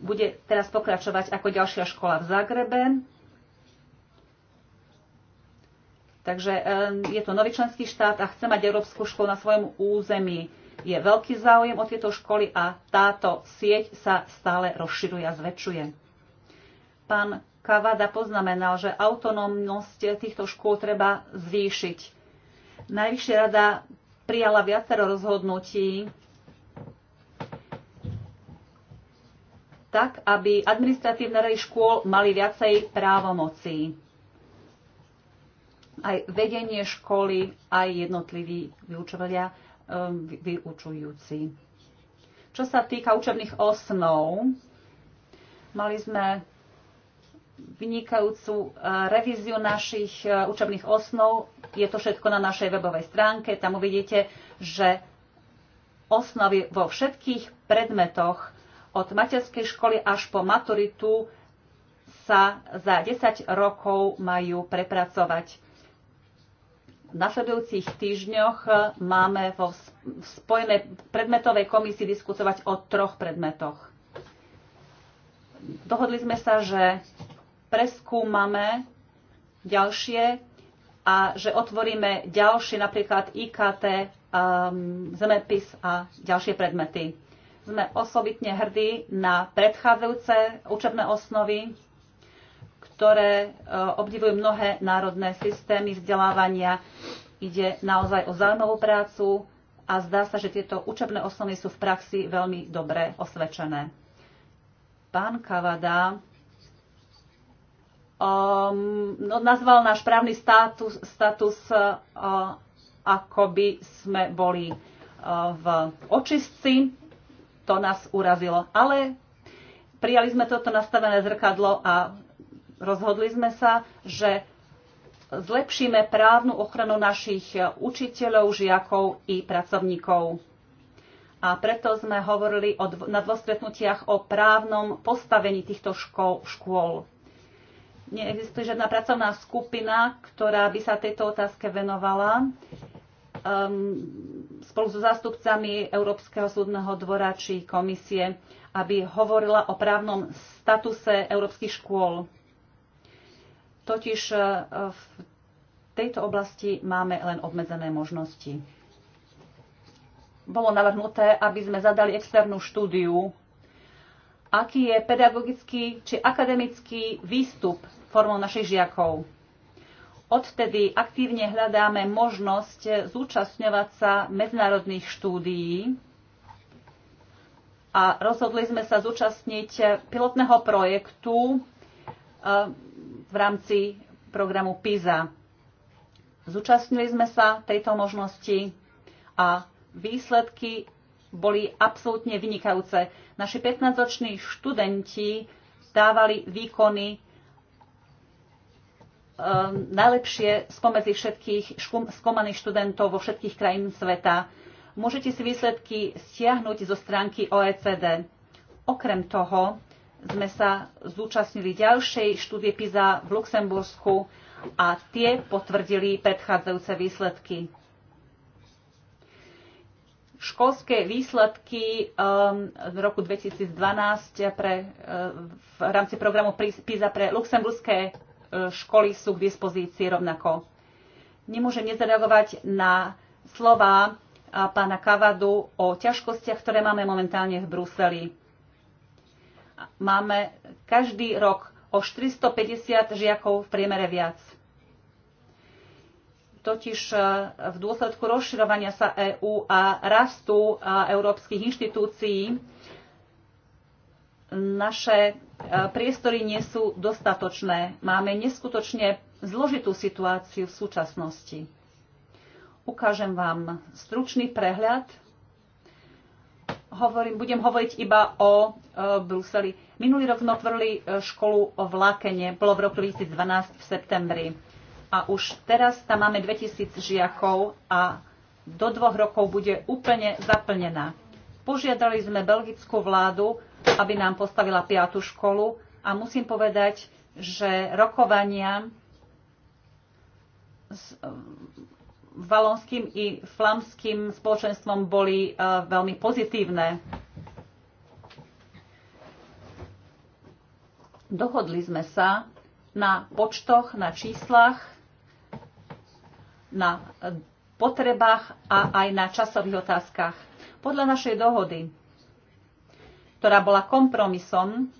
bude teraz pokračovať ako ďalšia škola v Zagrebe. Takže e, je to nový členský štát a chce mať európsku školu na svojom území. Je veľký záujem o tieto školy a táto sieť sa stále rozširuje a zväčšuje. Pán Kavada poznamenal, že autonómnosť týchto škôl treba zvýšiť. Najvyššia rada prijala viacero rozhodnutí, tak, aby administratívne rady škôl mali viacej právomocí. Aj vedenie školy, aj jednotliví vyučovateľia, um, vyučujúci. Čo sa týka učebných osnov, mali sme vynikajúcu uh, revíziu našich uh, učebných osnov. Je to všetko na našej webovej stránke. Tam uvidíte, že osnovy vo všetkých predmetoch od materskej školy až po maturitu sa za 10 rokov majú prepracovať. V nasledujúcich týždňoch máme vo spojenej predmetovej komisii diskutovať o troch predmetoch. Dohodli sme sa, že preskúmame ďalšie a že otvoríme ďalšie, napríklad IKT, um, zemepis a ďalšie predmety sme osobitne hrdí na predchádzajúce učebné osnovy, ktoré e, obdivujú mnohé národné systémy vzdelávania. Ide naozaj o zaujímavú prácu a zdá sa, že tieto učebné osnovy sú v praxi veľmi dobre osvedčené. Pán Kavada um, no, nazval náš právny status, status uh, ako by sme boli uh, v očistci to nás urazilo. Ale prijali sme toto nastavené zrkadlo a rozhodli sme sa, že zlepšíme právnu ochranu našich učiteľov, žiakov i pracovníkov. A preto sme hovorili o dv- na dvostretnutiach o právnom postavení týchto škôl. škôl. Neexistuje žiadna pracovná skupina, ktorá by sa tejto otázke venovala. Um, spolu so zástupcami Európskeho súdneho dvora či komisie, aby hovorila o právnom statuse európskych škôl. Totiž e, v tejto oblasti máme len obmedzené možnosti. Bolo navrhnuté, aby sme zadali externú štúdiu, aký je pedagogický či akademický výstup formou našich žiakov Odvtedy aktívne hľadáme možnosť zúčastňovať sa medzinárodných štúdií a rozhodli sme sa zúčastniť pilotného projektu e, v rámci programu PISA. Zúčastnili sme sa tejto možnosti a výsledky boli absolútne vynikajúce. Naši 15-roční študenti dávali výkony Um, najlepšie spomedzi všetkých skomaných študentov vo všetkých krajín sveta. Môžete si výsledky stiahnuť zo stránky OECD. Okrem toho sme sa zúčastnili ďalšej štúdie PISA v Luxembursku a tie potvrdili predchádzajúce výsledky. Školské výsledky um, z v roku 2012 pre, uh, v rámci programu PISA pre luxemburské školy sú k dispozícii rovnako. Nemôžem nezareagovať na slova pána Kavadu o ťažkostiach, ktoré máme momentálne v Bruseli. Máme každý rok o 450 žiakov v priemere viac. Totiž v dôsledku rozširovania sa EÚ a rastu európskych inštitúcií naše e, priestory nie sú dostatočné. Máme neskutočne zložitú situáciu v súčasnosti. Ukážem vám stručný prehľad. Hovorím, budem hovoriť iba o e, Bruseli. Minulý rok sme otvorili e, školu o vlákene, bolo v roku 2012 v septembri. A už teraz tam máme 2000 žiakov a do dvoch rokov bude úplne zaplnená. Požiadali sme belgickú vládu, aby nám postavila piatu školu a musím povedať, že rokovania s eh, valonským i flamským spoločenstvom boli eh, veľmi pozitívne. Dohodli sme sa na počtoch, na číslach, na eh, potrebách a aj na časových otázkach. Podľa našej dohody ktorá bola kompromisom.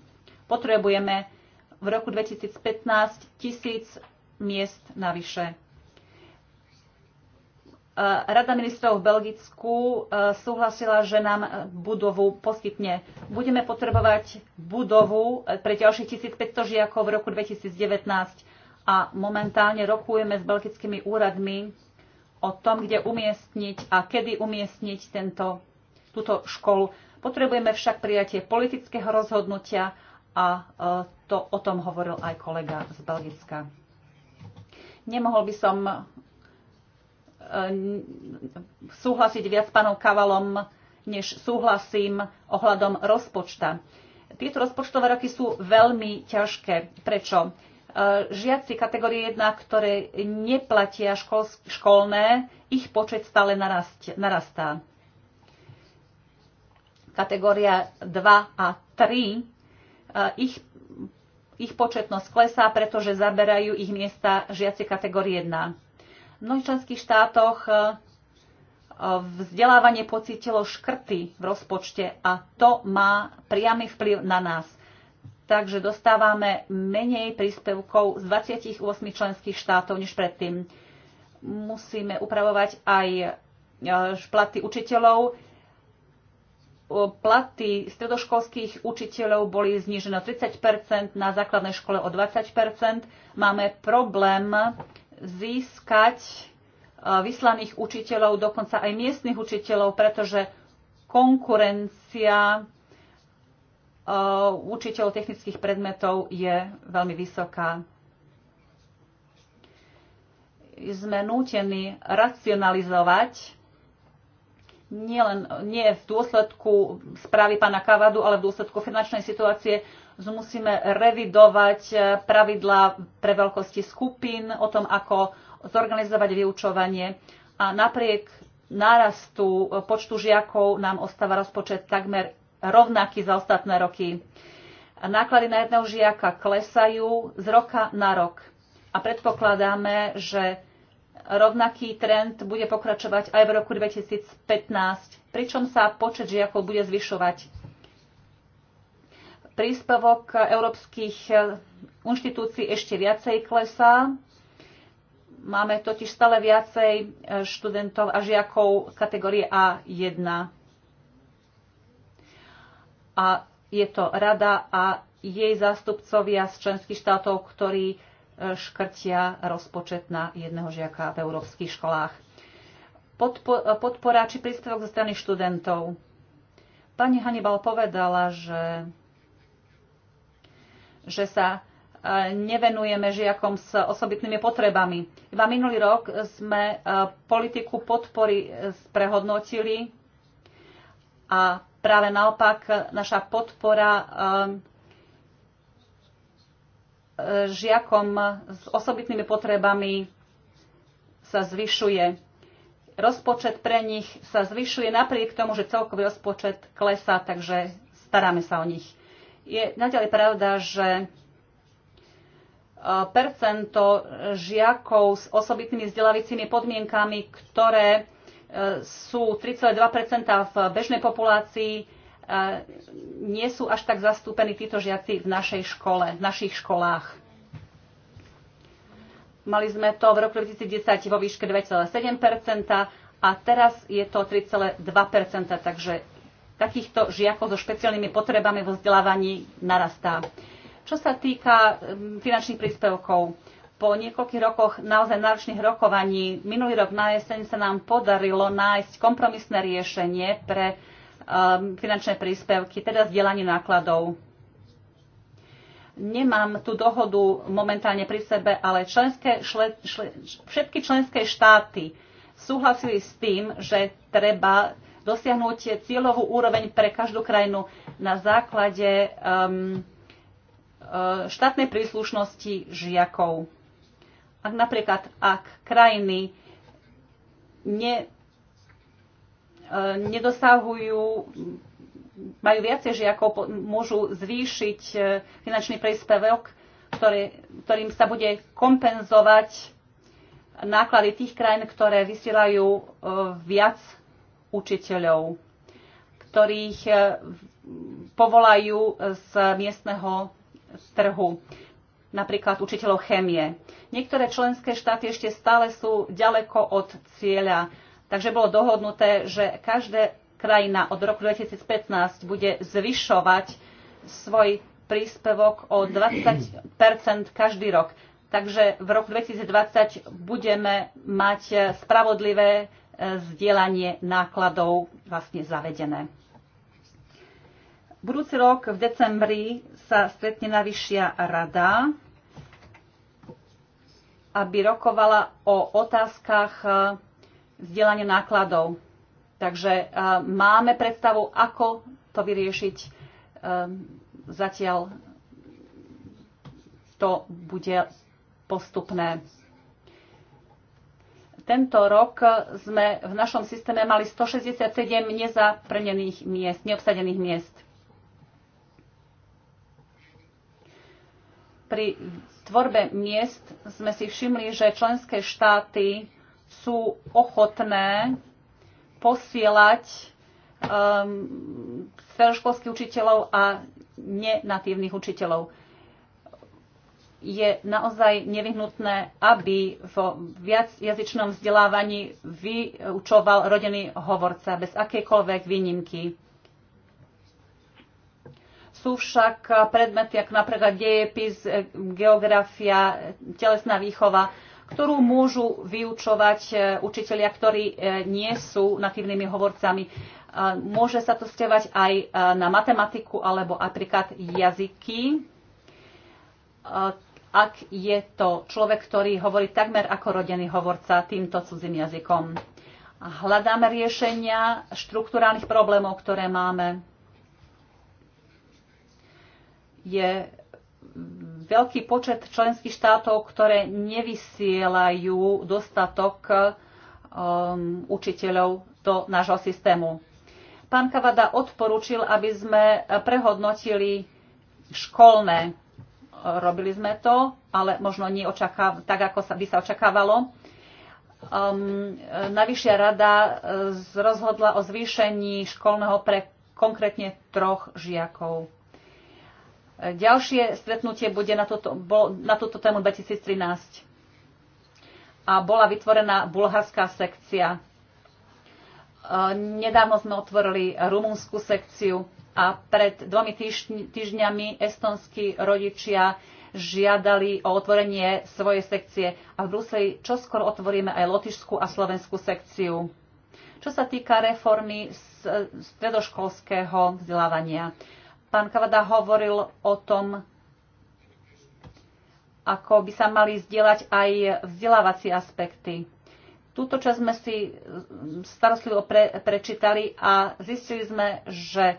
Potrebujeme v roku 2015 tisíc miest navyše. E, Rada ministrov v Belgicku e, súhlasila, že nám budovu poskytne. Budeme potrebovať budovu e, pre ďalších 1500 žiakov v roku 2019 a momentálne rokujeme s belgickými úradmi o tom, kde umiestniť a kedy umiestniť tento, túto školu. Potrebujeme však prijatie politického rozhodnutia a e, to o tom hovoril aj kolega z Belgicka. Nemohol by som e, súhlasiť viac s pánom Kavalom, než súhlasím ohľadom rozpočta. Tieto rozpočtové roky sú veľmi ťažké. Prečo? E, žiaci kategórie 1, ktoré neplatia školné, ich počet stále narastá kategória 2 a 3, e, ich, ich početnosť klesá, pretože zaberajú ich miesta žiaci kategórie 1. V mnohých členských štátoch e, vzdelávanie pocítilo škrty v rozpočte a to má priamy vplyv na nás. Takže dostávame menej príspevkov z 28 členských štátov než predtým. Musíme upravovať aj e, platy učiteľov, platy stredoškolských učiteľov boli znížené o 30 na základnej škole o 20 Máme problém získať e, vyslaných učiteľov, dokonca aj miestnych učiteľov, pretože konkurencia e, učiteľov technických predmetov je veľmi vysoká. Sme nútení racionalizovať nielen nie v dôsledku správy pána Kavadu, ale v dôsledku finančnej situácie musíme revidovať eh, pravidlá pre veľkosti skupín o tom, ako zorganizovať vyučovanie. A napriek nárastu eh, počtu žiakov nám ostáva rozpočet takmer rovnaký za ostatné roky. Náklady na jedného žiaka klesajú z roka na rok. A predpokladáme, že rovnaký trend bude pokračovať aj v roku 2015, pričom sa počet žiakov bude zvyšovať. Príspevok európskych eh, inštitúcií ešte viacej klesá. Máme totiž stále viacej eh, študentov a žiakov kategórie A1. A je to rada a jej zástupcovia z členských štátov, ktorí škrtia rozpočet na jedného žiaka v európskych školách. Podpora či príspevok zo strany študentov. Pani Hannibal povedala, že, že sa e, nevenujeme žiakom s osobitnými potrebami. Iba minulý rok sme e, politiku podpory e, prehodnotili a práve naopak naša podpora žiakom s osobitnými potrebami sa zvyšuje. Rozpočet pre nich sa zvyšuje napriek tomu, že celkový rozpočet klesá, takže staráme sa o nich. Je naďalej pravda, že e, percento žiakov s osobitnými vzdelávacími podmienkami, ktoré e, sú 3,2 v bežnej populácii, nie sú až tak zastúpení títo žiaci v našej škole, v našich školách. Mali sme to v roku 2010 vo výške 2,7 a teraz je to 3,2 takže takýchto žiakov so špeciálnymi potrebami vo vzdelávaní narastá. Čo sa týka finančných príspevkov, po niekoľkých rokoch naozaj náročných rokovaní minulý rok na jeseň sa nám podarilo nájsť kompromisné riešenie pre Um, finančné príspevky, teda zdieľanie nákladov. Nemám tú dohodu momentálne pri sebe, ale členské, šle, šle, všetky členské štáty súhlasili s tým, že treba dosiahnuť cieľovú úroveň pre každú krajinu na základe um, uh, štátnej príslušnosti žiakov. Ak napríklad, ak krajiny ne, E, nedosahujú majú viacej žiakov, môžu zvýšiť e, finančný príspevok, ktorý, ktorým sa bude kompenzovať náklady tých krajín, ktoré vysielajú e, viac učiteľov, ktorých povolajú z miestneho trhu, napríklad učiteľov chémie. Niektoré členské štáty ešte stále sú ďaleko od cieľa Takže bolo dohodnuté, že každá krajina od roku 2015 bude zvyšovať svoj príspevok o 20 každý rok. Takže v roku 2020 budeme mať spravodlivé e, zdieľanie nákladov vlastne zavedené. Budúci rok v decembri sa stretne najvyššia rada, aby rokovala o otázkach e, zdieľanie nákladov. Takže eh, máme predstavu, ako to vyriešiť. Eh, zatiaľ to bude postupné. Tento rok sme v našom systéme mali 167 nezaplnených miest, neobsadených miest. Pri tvorbe miest sme si všimli, že členské štáty sú ochotné posielať um, stredoškolských učiteľov a nenatívnych učiteľov. Je naozaj nevyhnutné, aby v viacjazyčnom vzdelávaní vyučoval rodený hovorca bez akejkoľvek výnimky. Sú však predmety, ako napríklad dejepis, geografia, telesná výchova, ktorú môžu vyučovať e, učitelia, ktorí e, nie sú natívnymi hovorcami. E, môže sa to stevať aj na matematiku alebo napríklad jazyky, ak je to človek, ktorý hovorí takmer ako rodený hovorca týmto cudzým jazykom. Hľadáme riešenia štruktúrálnych problémov, ktoré máme. Je veľký počet členských štátov, ktoré nevysielajú dostatok um, učiteľov do nášho systému. Pán Kavada odporúčil, aby sme prehodnotili školné. Robili sme to, ale možno nie očakáv- tak, ako sa, by sa očakávalo. Um, Najvyššia rada uh, rozhodla o zvýšení školného pre konkrétne troch žiakov. Ďalšie stretnutie bude na toto, bol, na toto tému 2013 a bola vytvorená bulharská sekcia. E, nedávno sme otvorili rumúnsku sekciu a pred dvomi týždňami estonskí rodičia žiadali o otvorenie svojej sekcie a v Bruseli čoskoro otvoríme aj lotišskú a slovenskú sekciu. Čo sa týka reformy stredoškolského vzdelávania, Pán Kavada hovoril o tom, ako by sa mali zdieľať aj vzdelávacie aspekty. Túto časť sme si starostlivo pre, prečítali a zistili sme, že e,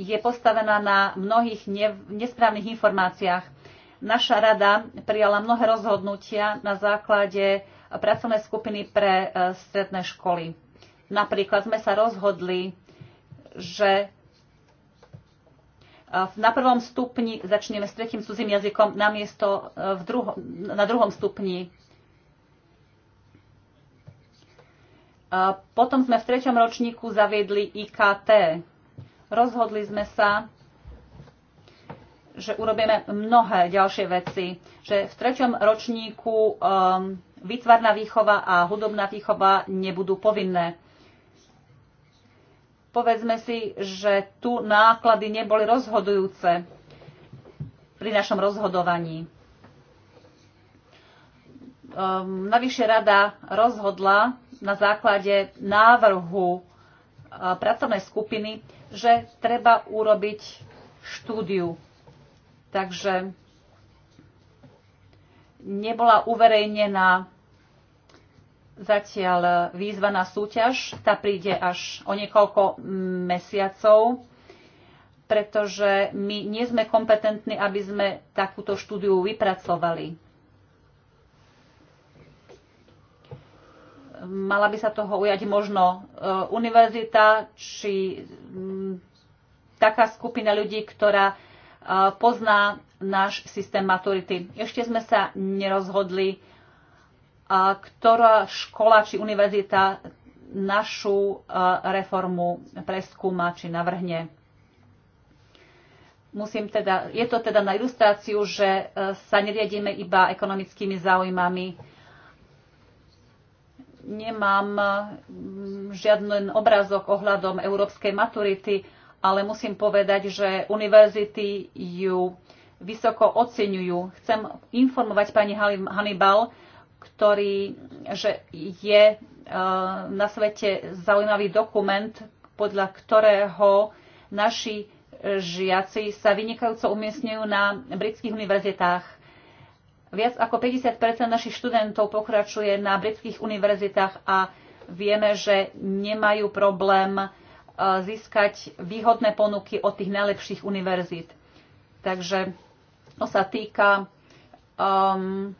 je postavená na mnohých ne, nesprávnych informáciách. Naša rada prijala mnohé rozhodnutia na základe pracovnej skupiny pre e, stredné školy. Napríklad sme sa rozhodli, že Eh, na prvom stupni začneme s tretím cudzím jazykom namiesto eh, v druho, na druhom stupni. Eh, potom sme v treťom ročníku zaviedli IKT. Rozhodli sme sa, že urobíme mnohé ďalšie veci. Že v treťom ročníku um, výtvarná výchova a hudobná výchova nebudú povinné. Povedzme si, že tu náklady neboli rozhodujúce pri našom rozhodovaní. Ehm, navyše rada rozhodla na základe návrhu e, pracovnej skupiny, že treba urobiť štúdiu. Takže nebola uverejnená zatiaľ výzva na súťaž. Tá príde až o niekoľko mesiacov, pretože my nie sme kompetentní, aby sme takúto štúdiu vypracovali. Mala by sa toho ujať možno e, univerzita či taká skupina ľudí, ktorá e, pozná náš systém maturity. Ešte sme sa nerozhodli, a ktorá škola či univerzita našu e, reformu preskúma či navrhne. Musím teda, je to teda na ilustráciu, že e, sa neriadíme iba ekonomickými záujmami. Nemám e, žiadny obrazok ohľadom európskej maturity, ale musím povedať, že univerzity ju vysoko oceňujú. Chcem informovať pani Hannibal, ktorý, že je e, na svete zaujímavý dokument, podľa ktorého naši žiaci sa vynikajúco umiestňujú na britských univerzitách. Viac ako 50 našich študentov pokračuje na britských univerzitách a vieme, že nemajú problém e, získať výhodné ponuky od tých najlepších univerzít. Takže to sa týka um,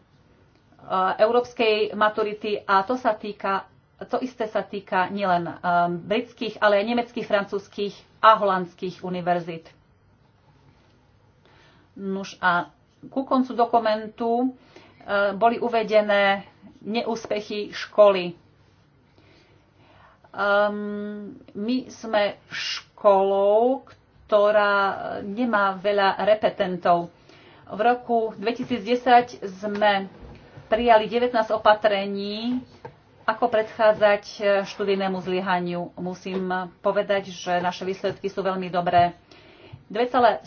Eh, európskej maturity a to sa týka to isté sa týka nielen eh, britských, ale aj nemeckých, francúzských a holandských univerzít. Nuž a ku koncu dokumentu eh, boli uvedené neúspechy školy. Ehm, my sme školou, ktorá nemá veľa repetentov. V roku 2010 sme prijali 19 opatrení, ako predchádzať eh, študijnému zlyhaniu. Musím povedať, že naše výsledky sú veľmi dobré. 2,7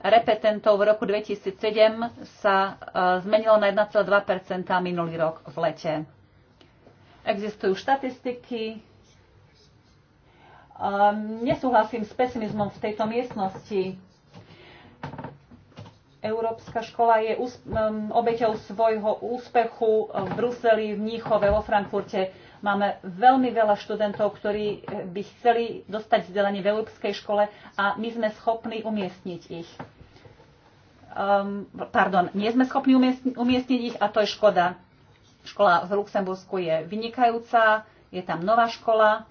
repetentov v roku 2007 sa eh, zmenilo na 1,2 minulý rok v lete. Existujú štatistiky. Ehm, nesúhlasím s pesimizmom v tejto miestnosti. Európska škola je obeťou svojho úspechu v Bruseli, v Níchove, vo Frankfurte. Máme veľmi veľa študentov, ktorí eh, by chceli dostať vzdelanie v európskej škole a my sme schopní umiestniť ich. Um, pardon, nie sme schopní umiestniť ich a to je škoda. Škola v Luxembursku je vynikajúca, je tam nová škola,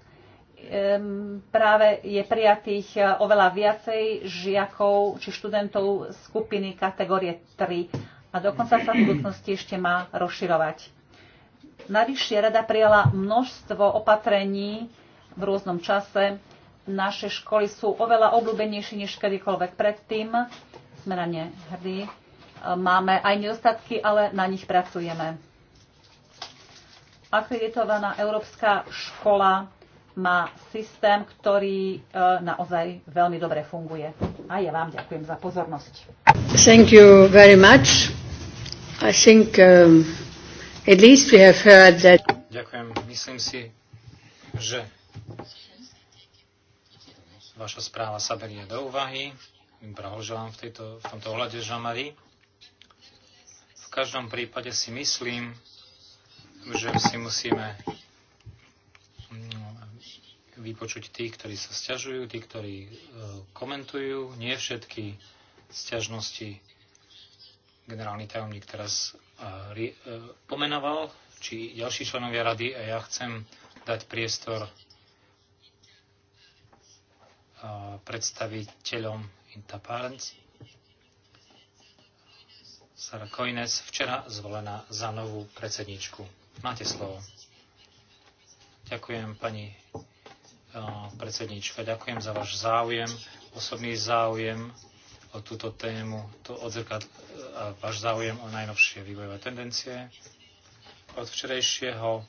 práve je prijatých e, oveľa viacej žiakov či študentov skupiny kategórie 3 a dokonca sa v budúcnosti ešte má rozširovať. Najvyššia rada prijala množstvo opatrení v rôznom čase. Naše školy sú oveľa obľúbenejšie než kedykoľvek predtým. Sme na ne hrdí. E, máme aj nedostatky, ale na nich pracujeme. Akreditovaná európska škola má systém, ktorý e, naozaj veľmi dobre funguje. A ja vám ďakujem za pozornosť. Thank you very much. I think um, at least we have heard that... Ďakujem. Myslím si, že vaša správa sa berie do úvahy. Blahoželám v, tejto, v tomto ohľade Žamari. V každom prípade si myslím, že si musíme vypočuť tých, ktorí sa sťažujú, tí, ktorí e, komentujú. Nie všetky sťažnosti generálny tajomník teraz e, e, pomenoval, či ďalší členovia rady a ja chcem dať priestor predstaviteľom Interparents. Sara Koines, včera zvolená za novú predsedničku. Máte slovo. Ďakujem pani predsednička. Ďakujem za váš záujem, osobný záujem o túto tému, to odzrkad váš záujem o najnovšie vývojové tendencie. Od včerejšieho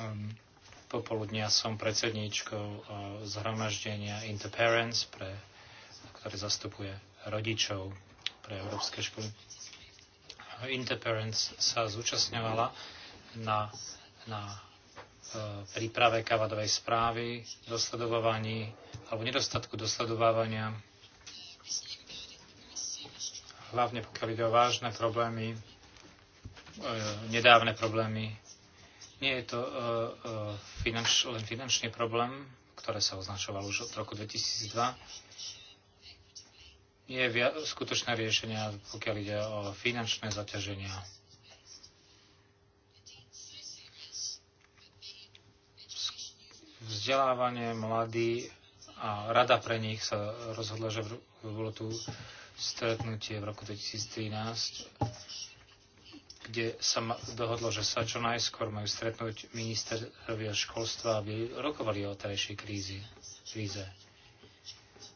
um, popoludnia som predsedníčkou uh, zhromaždenia Interparents, pre, ktoré zastupuje rodičov pre európske školy. Interparents sa zúčastňovala na, na E, príprave kavadovej správy, dosledovaní alebo nedostatku dosledovávania, hlavne pokiaľ ide o vážne problémy, e, nedávne problémy. Nie je to e, finanč, len finančný problém, ktoré sa označoval už od roku 2002. Nie je skutočné riešenia, pokiaľ ide o finančné zaťaženia vzdelávanie mladí a rada pre nich sa rozhodla, že bolo tu stretnutie v roku 2013, kde sa dohodlo, že sa čo najskôr majú stretnúť ministerovia školstva, aby rokovali o terajšej krízi, kríze.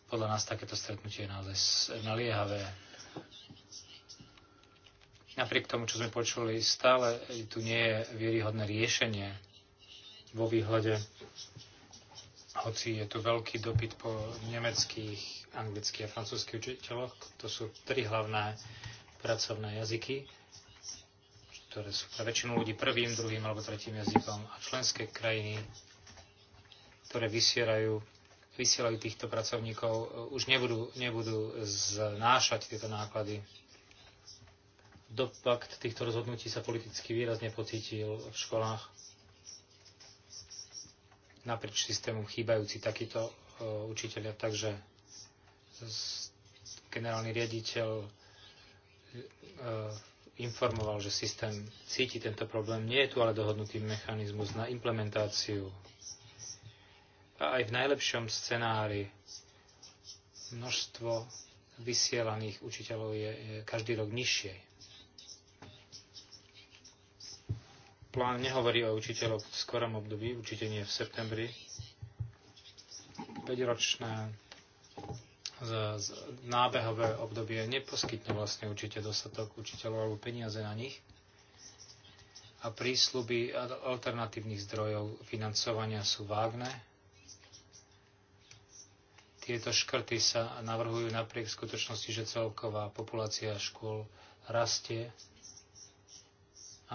Podľa nás takéto stretnutie je naozaj naliehavé. Napriek tomu, čo sme počuli, stále tu nie je vieryhodné riešenie vo výhľade hoci je tu veľký dopyt po nemeckých, anglických a francúzských učiteľoch, to sú tri hlavné pracovné jazyky, ktoré sú pre väčšinu ľudí prvým, druhým alebo tretím jazykom a členské krajiny, ktoré vysierajú, vysielajú týchto pracovníkov, už nebudú, nebudú znášať tieto náklady. Dopakt týchto rozhodnutí sa politicky výrazne pocítil v školách naprieč systému chýbajúci takíto e, učiteľia, takže generálny riaditeľ e, informoval, že systém cíti tento problém. Nie je tu ale dohodnutý mechanizmus na implementáciu. A aj v najlepšom scenári množstvo vysielaných učiteľov je, je každý rok nižšie. Plán nehovorí o učiteľoch v skorom období, určite nie v septembri. 5-ročné nábehové obdobie neposkytne vlastne určite dostatok učiteľov alebo peniaze na nich a prísľuby alternatívnych zdrojov financovania sú vágne. Tieto škrty sa navrhujú napriek skutočnosti, že celková populácia škôl rastie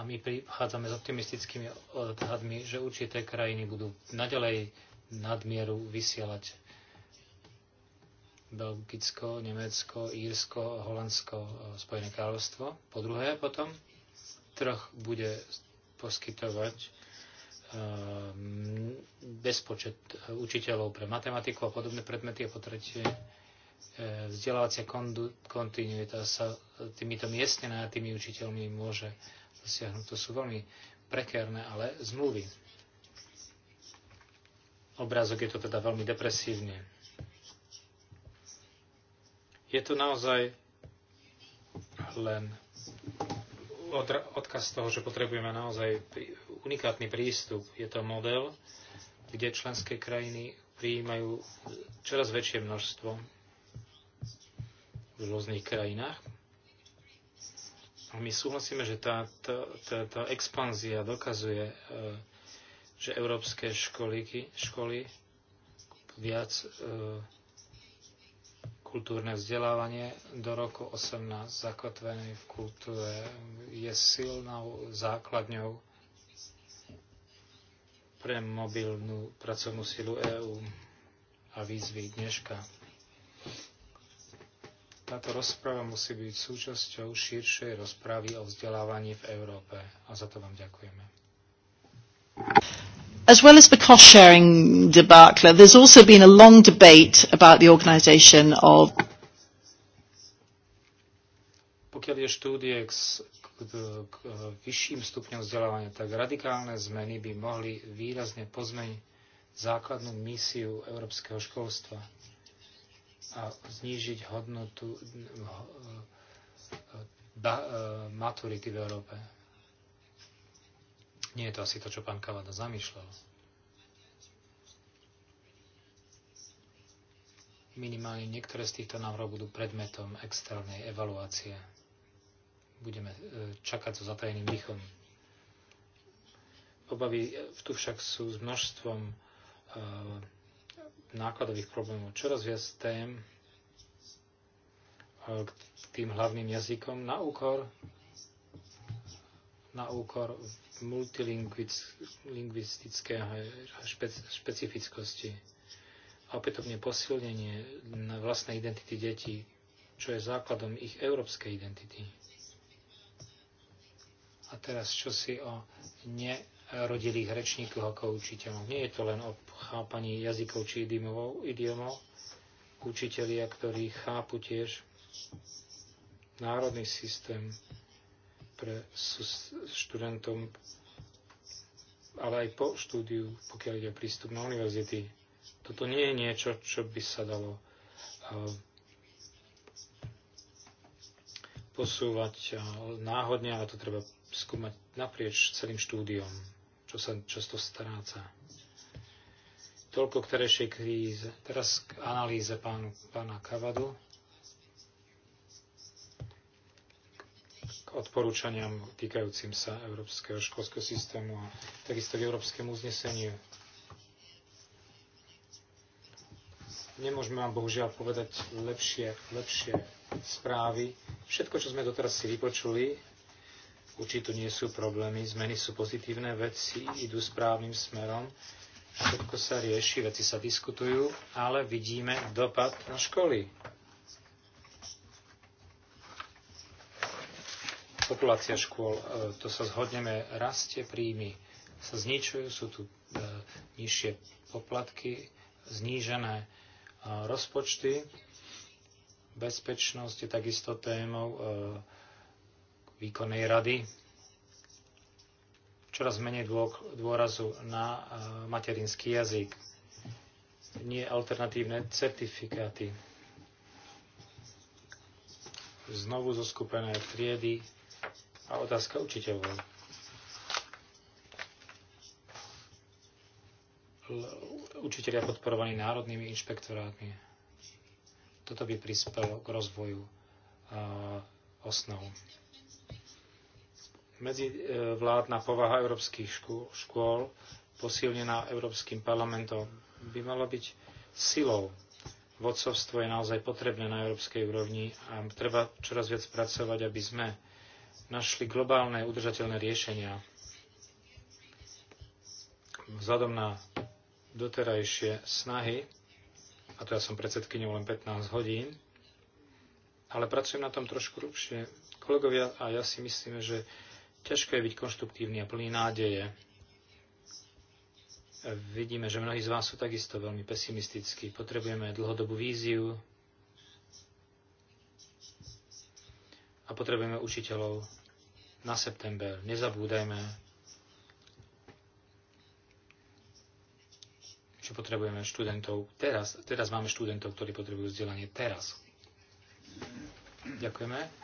a my prichádzame s optimistickými eh, odhadmi, že určité krajiny budú naďalej nadmieru vysielať. Belgicko, Nemecko, Írsko, Holandsko, eh, Spojené kráľovstvo. Po druhé potom trh bude poskytovať eh, bezpočet učiteľov pre matematiku a podobné predmety a po tretie vzdelávacia kontinuita sa týmito miestne najatými učiteľmi môže zasiahnuť. To sú veľmi prekérne, ale zmluvy. Obrázok je to teda veľmi depresívne. Je to naozaj len odkaz toho, že potrebujeme naozaj unikátny prístup. Je to model, kde členské krajiny prijímajú čoraz väčšie množstvo v rôznych krajinách my súhlasíme, že táto, tá expanzia dokazuje, e, že európske školiky, školy viac e, kultúrne vzdelávanie do roku 18 zakotvené v kultúre je silnou základňou pre mobilnú pracovnú silu EÚ a výzvy dneška. Táto rozprava musí byť súčasťou širšej rozpravy o vzdelávaní v Európe a za to vám ďakujeme. As well as the cost-sharing debacle, there's also been a long debate about the organization of... Pokiaľ je štúdie k, k, k vyšším stupňom vzdelávania, tak radikálne zmeny by mohli výrazne pozmeniť základnú misiu európskeho školstva a znížiť hodnotu eh, eh, maturity v Európe. Nie je to asi to, čo pán Kavada zamýšľal. Minimálne niektoré z týchto návrhov budú predmetom externej evaluácie. Budeme eh, čakať so zatajeným dýchom. Obavy tu však sú s množstvom uh, nákladových problémov, čoraz viac tém e, k tým hlavným jazykom na úkor, na úkor multilingvistického špec, špecifickosti a opätovne posilnenie na vlastnej identity detí, čo je základom ich európskej identity. A teraz čo si o nerodilých rečníkoch ako učiteľov. Nie je to len o chápaní jazykov či idiomov, idiomov učitelia, ktorí chápu tiež národný systém pre študentom, ale aj po štúdiu, pokiaľ ide prístup na univerzity. Toto nie je niečo, čo by sa dalo eh, posúvať eh, náhodne, ale to treba skúmať naprieč celým štúdiom, čo sa často stráca. Toľko k terejšej kríze. Teraz k analýze pánu, pána Kavadu. K odporúčaniam týkajúcim sa európskeho školského systému a takisto k európskemu uzneseniu. Nemôžeme vám bohužiaľ povedať lepšie, lepšie správy. Všetko, čo sme doteraz si vypočuli, určite nie sú problémy. Zmeny sú pozitívne veci, idú správnym smerom Všetko sa rieši, veci sa diskutujú, ale vidíme dopad na školy. Populácia škôl, e, to sa zhodneme, rastie, príjmy sa zničujú, sú tu e, nižšie poplatky, znížené e, rozpočty. Bezpečnosť je takisto témou výkonnej rady čoraz menej dôrazu na eh, materinský jazyk. Nie alternatívne certifikáty. Znovu zoskupené triedy a otázka učiteľov. Učiteľia podporovaní národnými inšpektorátmi. Toto by prispelo k rozvoju eh, osnov medzivládna povaha európskych škôl, posilnená Európskym parlamentom, by mala byť silou. Vodcovstvo je naozaj potrebné na európskej úrovni a treba čoraz viac pracovať, aby sme našli globálne udržateľné riešenia. Vzhľadom na doterajšie snahy, a to ja som predsedkyňou len 15 hodín, ale pracujem na tom trošku hrubšie. Kolegovia a ja si myslíme, že Ťažko je byť konštruktívny a plný nádeje. Vidíme, že mnohí z vás sú takisto veľmi pesimistickí. Potrebujeme dlhodobú víziu a potrebujeme učiteľov na september. Nezabúdajme, že potrebujeme študentov teraz. Teraz máme študentov, ktorí potrebujú vzdelanie teraz. Ďakujeme.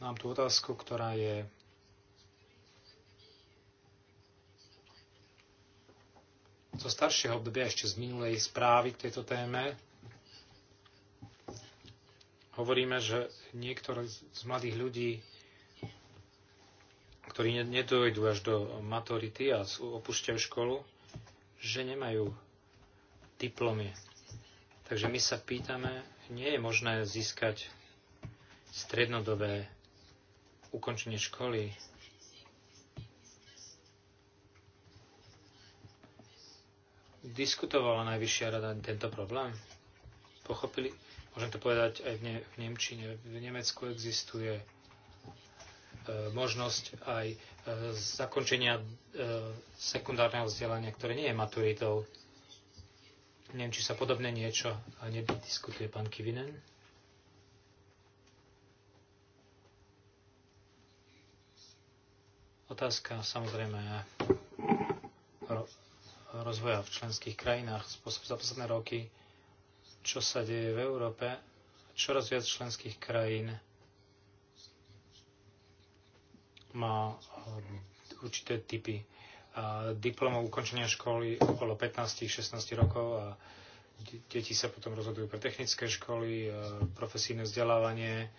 Mám tu otázku, ktorá je zo staršieho obdobia, ešte z minulej správy k tejto téme. Hovoríme, že niektorí z mladých ľudí, ktorí nedojdu až do maturity a opúšťajú školu, že nemajú diplomy. Takže my sa pýtame, nie je možné získať strednodobé ukončenie školy. Diskutovala Najvyššia rada tento problém? Pochopili, môžem to povedať aj v, ne, v Nemčine, v Nemecku existuje e, možnosť aj e, zakončenia e, sekundárneho vzdelania, ktoré nie je maturitou. Neviem, či sa podobne niečo nediskutuje pán Kivinen. Otázka samozrejme rozvoja v členských krajinách za posledné roky, čo sa deje v Európe, čoraz viac členských krajín má eh, určité typy eh, diplomov ukončenia školy okolo 15-16 rokov a deti sa potom rozhodujú pre technické školy, eh, profesijné vzdelávanie,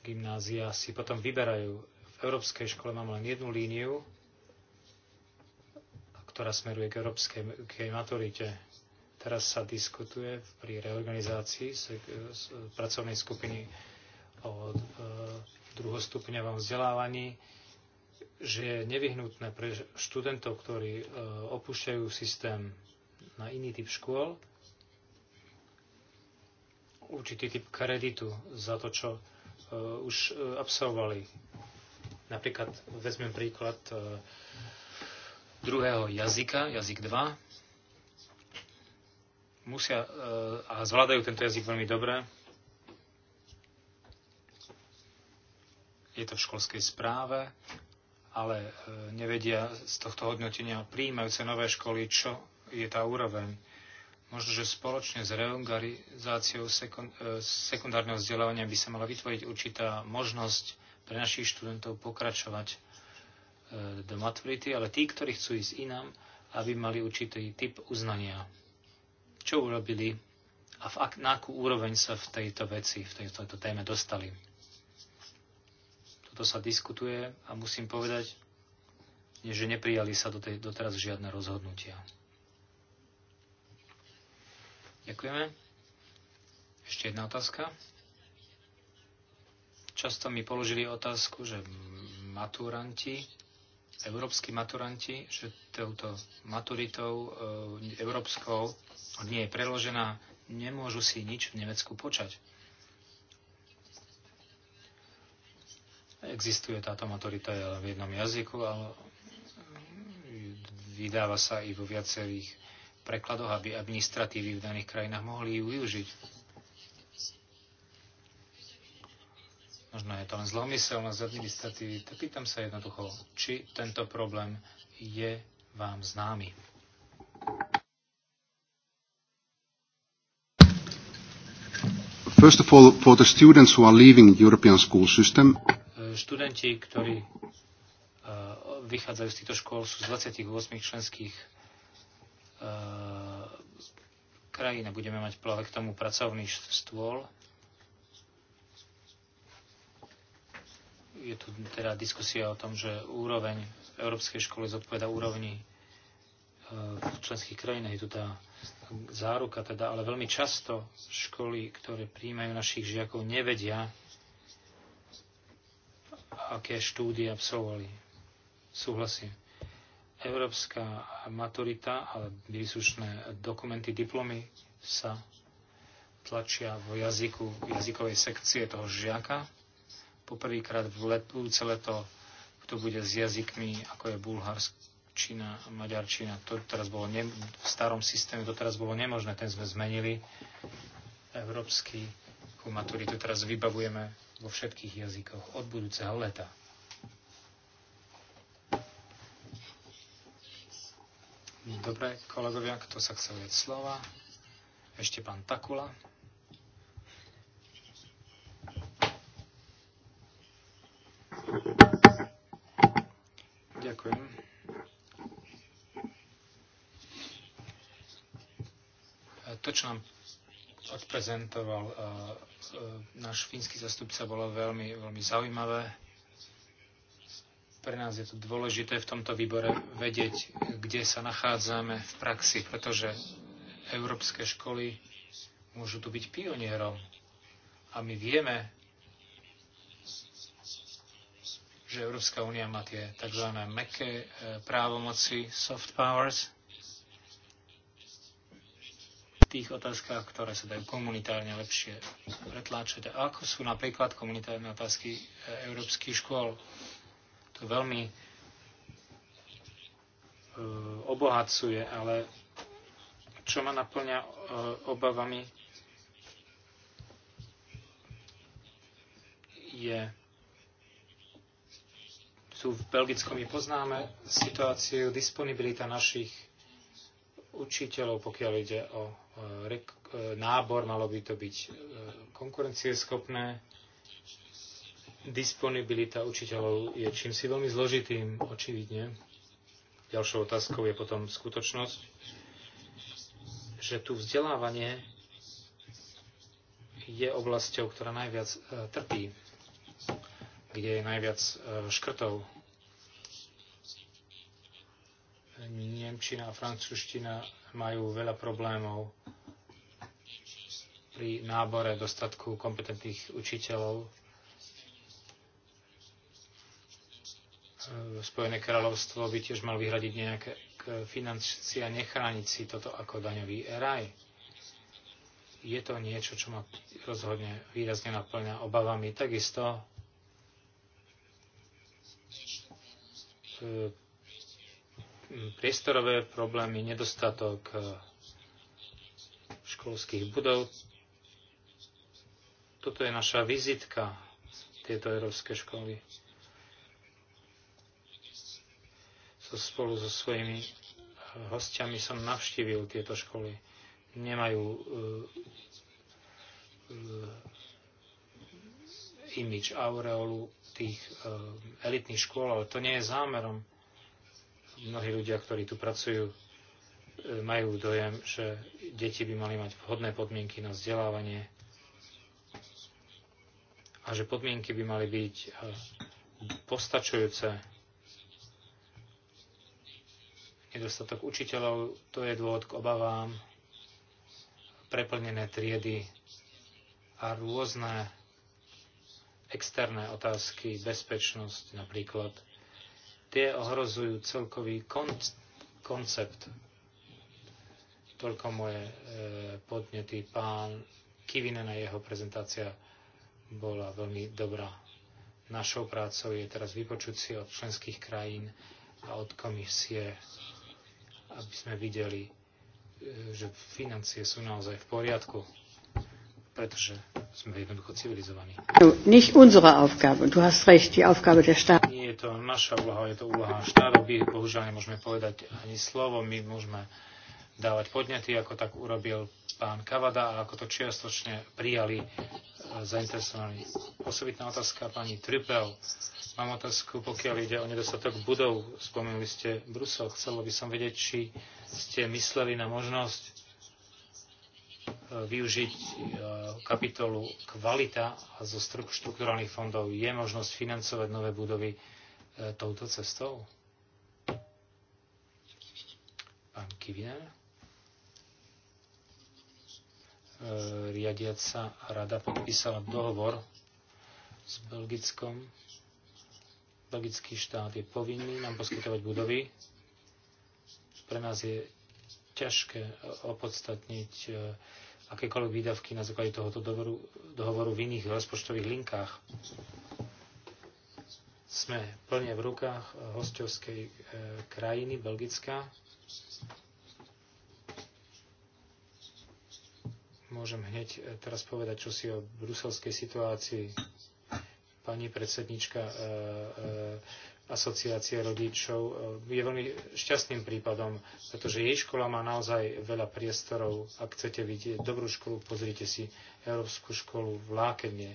gymnázia si potom vyberajú v európskej škole máme len jednu líniu, ktorá smeruje k európskej k maturite. Teraz sa diskutuje pri reorganizácii pracovnej skupiny o e, druhostupňovom vzdelávaní, že je nevyhnutné pre študentov, ktorí e, opúšťajú systém na iný typ škôl, určitý typ kreditu za to, čo e, už absolvovali. Napríklad vezmem príklad e, druhého jazyka, jazyk 2. Musia e, a zvládajú tento jazyk veľmi dobre. Je to v školskej správe, ale e, nevedia z tohto hodnotenia príjmajúce nové školy, čo je tá úroveň možno, že spoločne s reungarizáciou sekundárneho vzdelávania by sa mala vytvoriť určitá možnosť pre našich študentov pokračovať e, do maturity, ale tí, ktorí chcú ísť inám, aby mali určitý typ uznania. Čo urobili a v ak, na akú úroveň sa v tejto veci, v tejto, tejto téme dostali. Toto sa diskutuje a musím povedať, že neprijali sa do tej, doteraz žiadne rozhodnutia. Ďakujeme. Ešte jedna otázka. Často mi položili otázku, že maturanti, európsky maturanti, že touto maturitou európskou, európskou nie je preložená, nemôžu si nič v Nemecku počať. Existuje táto maturita v jednom jazyku, ale vydáva sa i vo viacerých prekladoch, aby administratívy v daných krajinách mohli ju využiť Možno je to len zlomyselnosť administratívy. Pýtam sa jednoducho, či tento problém je vám známy. First of all, for the students who are leaving the European school system, e, študenti, ktorí e, vychádzajú z týchto škôl, sú z 28 členských e, krajín a budeme mať k tomu pracovný stôl je tu teda diskusia o tom, že úroveň Európskej školy zodpoveda úrovni e, v členských krajinách. Je tu tá záruka, teda, ale veľmi často školy, ktoré príjmajú našich žiakov, nevedia, aké štúdie absolvovali. Súhlasím. Európska maturita a príslušné dokumenty, diplomy sa tlačia vo jazyku, jazykovej sekcie toho žiaka Poprvýkrát v letúce leto to bude s jazykmi, ako je bulharčina a maďarčina. To teraz bolo ne- v starom systéme to teraz bolo nemožné, ten sme zmenili. Európsky maturitu teraz vybavujeme vo všetkých jazykoch od budúceho leta. Dobre, kolegovia, kto sa chce vedieť slova? Ešte pán Takula. čo nám odprezentoval e, e, náš fínsky zastupca, bolo veľmi, veľmi zaujímavé. Pre nás je to dôležité v tomto výbore vedieť, kde sa nachádzame v praxi, pretože európske školy môžu tu byť pionierom. A my vieme, že Európska únia má tie tzv. meké e, právomoci, soft powers, tých otázkach, ktoré sa dajú komunitárne lepšie pretláčať. A Ako sú napríklad komunitárne otázky e, európskych škôl. To veľmi e, obohacuje, ale čo ma naplňa e, obavami je tu v Belgickom my poznáme situáciu, disponibilita našich učiteľov, pokiaľ ide o e, e, nábor, malo by to byť e, konkurencieschopné. Disponibilita učiteľov je čím si veľmi zložitým, očividne. Ďalšou otázkou je potom skutočnosť, že tu vzdelávanie je oblasťou, ktorá najviac trpí, kde je najviac škrtov Nemčina a francúzština majú veľa problémov pri nábore dostatku kompetentných učiteľov. E, Spojené kráľovstvo by tiež mal vyhradiť nejaké financie a nechrániť si toto ako daňový raj. Je to niečo, čo ma rozhodne výrazne naplňa obavami. Takisto e, priestorové problémy, nedostatok e, školských budov. Toto je naša vizitka, tieto európske školy. So, spolu so svojimi e, hostiami som navštívil tieto školy. Nemajú uh, e, uh, imič aureolu tých uh, elitných škôl, ale to nie je zámerom mnohí ľudia, ktorí tu pracujú, e, majú dojem, že deti by mali mať vhodné podmienky na vzdelávanie a že podmienky by mali byť e, postačujúce. Nedostatok učiteľov, to je dôvod k obavám, preplnené triedy a rôzne externé otázky, bezpečnosť napríklad – tie ohrozujú celkový kon- koncept. Toľko moje e, podnety. Pán Kivinen a jeho prezentácia bola veľmi dobrá. Našou prácou je teraz vypočuť si od členských krajín a od komisie, aby sme videli, e, že financie sú naozaj v poriadku pretože sme jednoducho civilizovaní. Nicht unsere Aufgabe, du hast recht, die Aufgabe der Staaten to naša úloha, je to úloha štátu. My bohužiaľ nemôžeme povedať ani slovo, my môžeme dávať podnety, ako tak urobil pán Kavada a ako to čiastočne prijali zainteresovaní. Osobitná otázka pani Trypel. Mám otázku, pokiaľ ide o nedostatok budov. Spomenuli ste Brusel. Chcelo by som vedieť, či ste mysleli na možnosť e, využiť e, kapitolu kvalita a zo štruktúrálnych fondov je možnosť financovať nové budovy E, touto cestou? Pán Kiviner? Riadiaca rada podpísala dohovor s Belgickom. Belgický štát je povinný nám poskytovať budovy. Pre nás je ťažké opodstatniť e, akékoľvek výdavky na základe tohoto dohovoru, dohovoru v iných rozpočtových linkách sme plne v rukách eh, hostovskej eh, krajiny Belgická. Môžem hneď eh, teraz povedať, čo si o bruselskej situácii pani predsednička asociácie rodičov je veľmi šťastným prípadom, pretože jej škola má naozaj veľa priestorov. Ak chcete vidieť dobrú školu, pozrite si Európsku školu v Lákene,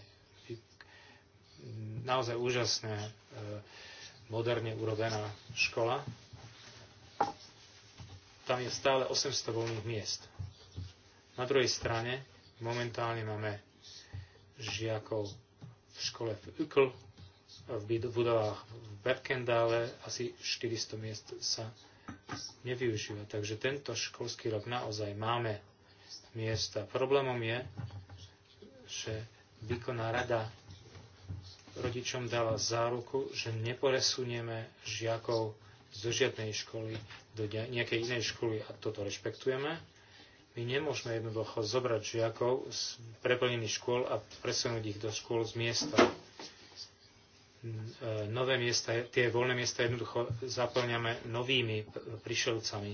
naozaj úžasné, e, moderne urobená škola. Tam je stále 800 voľných miest. Na druhej strane momentálne máme žiakov v škole v UKL, v budovách v Berkendále asi 400 miest sa nevyužíva. Takže tento školský rok naozaj máme miesta. Problémom je, že výkonná rada rodičom dala záruku, že neporesunieme žiakov zo žiadnej školy do nejakej inej školy a toto rešpektujeme. My nemôžeme jednoducho zobrať žiakov z preplnených škôl a presunúť ich do škôl z miesta. E, nové miesta, tie voľné miesta jednoducho zaplňame novými prišelcami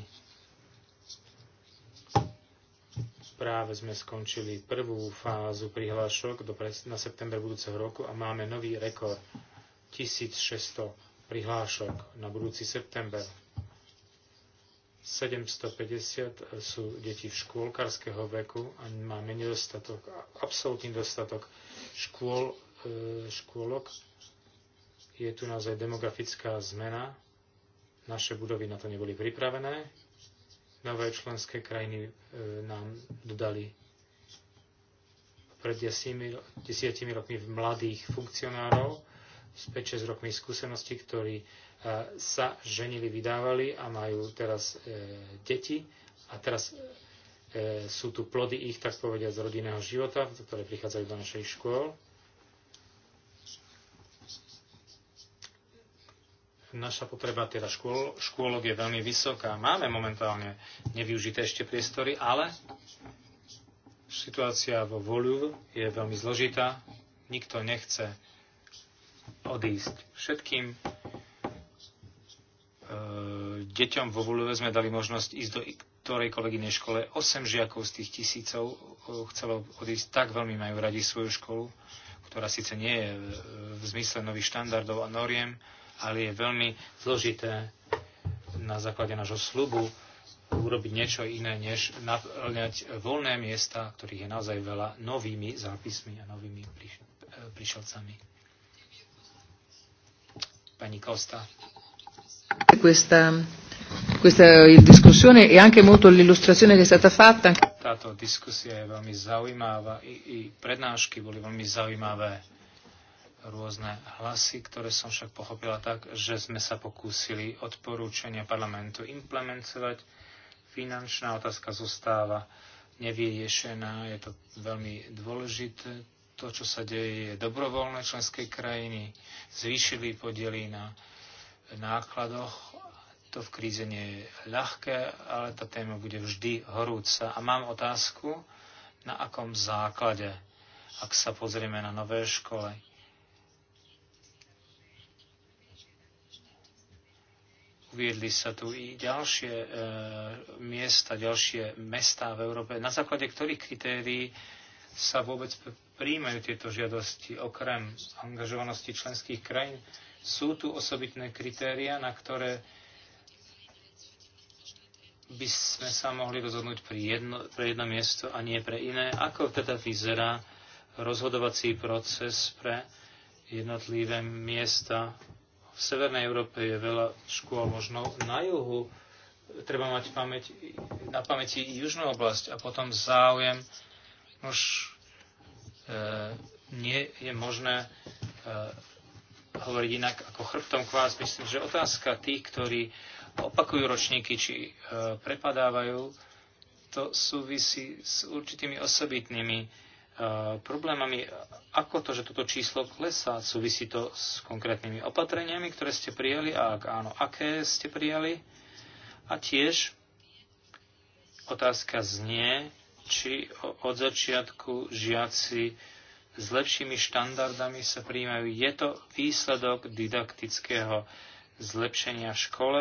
Práve sme skončili prvú fázu prihlášok do, na september budúceho roku a máme nový rekord 1600 prihlášok na budúci september. 750 sú deti v škôlkarského veku a máme nedostatok, absolútny dostatok škôl, e, škôlok. Je tu naozaj demografická zmena. Naše budovy na to neboli pripravené Nové členské krajiny e, nám dodali pred desiatimi, desiatimi rokmi mladých funkcionárov s 5-6 rokmi skúsenosti, ktorí e, sa ženili, vydávali a majú teraz e, deti a teraz e, sú tu plody ich, tak povediať, z rodinného života, ktoré prichádzajú do našich škôl. Naša potreba teda škôl, škôlok je veľmi vysoká. Máme momentálne nevyužité ešte priestory, ale situácia vo Voľu je veľmi zložitá. Nikto nechce odísť. Všetkým e, deťom vo Voľuve sme dali možnosť ísť do ktorejkoľvek inej škole. 8 žiakov z tých tisícov e, chcelo odísť. Tak veľmi majú radi svoju školu, ktorá síce nie je e, v zmysle nových štandardov a noriem, ale je veľmi zložité na základe nášho slubu urobiť niečo iné, než naplňať voľné miesta, ktorých je naozaj veľa, novými zápismi a novými priš e, prišelcami. Pani Kosta Questa, questa discussione e anche molto l'illustrazione che è stata fatta. Táto diskusia je veľmi zaujímavá, i, i prednášky boli veľmi zaujímavé rôzne hlasy, ktoré som však pochopila tak, že sme sa pokúsili odporúčania parlamentu implementovať. Finančná otázka zostáva nevyriešená, je to veľmi dôležité. To, čo sa deje, je dobrovoľné členské krajiny, zvýšili podiely na nákladoch. To v kríze nie je ľahké, ale tá téma bude vždy horúca. A mám otázku, na akom základe, ak sa pozrieme na nové školy Uviedli sa tu i ďalšie e, miesta, ďalšie mestá v Európe, na základe ktorých kritérií sa vôbec príjmajú tieto žiadosti. Okrem angažovanosti členských krajín sú tu osobitné kritéria, na ktoré by sme sa mohli rozhodnúť pre jedno, pre jedno miesto a nie pre iné. Ako teda vyzerá rozhodovací proces pre jednotlivé miesta v Severnej Európe je veľa škôl, možno na juhu. Treba mať pamäť, na pamäti južnú oblasť a potom záujem. Už e, nie je možné e, hovoriť inak ako chrbtom k vás. Myslím, že otázka tých, ktorí opakujú ročníky či e, prepadávajú, to súvisí s určitými osobitnými E, problémami, ako to, že toto číslo klesá, súvisí to s konkrétnymi opatreniami, ktoré ste prijali a ak áno, aké ste prijali. A tiež otázka znie, či od začiatku žiaci s lepšími štandardami sa príjmajú. Je to výsledok didaktického zlepšenia v škole,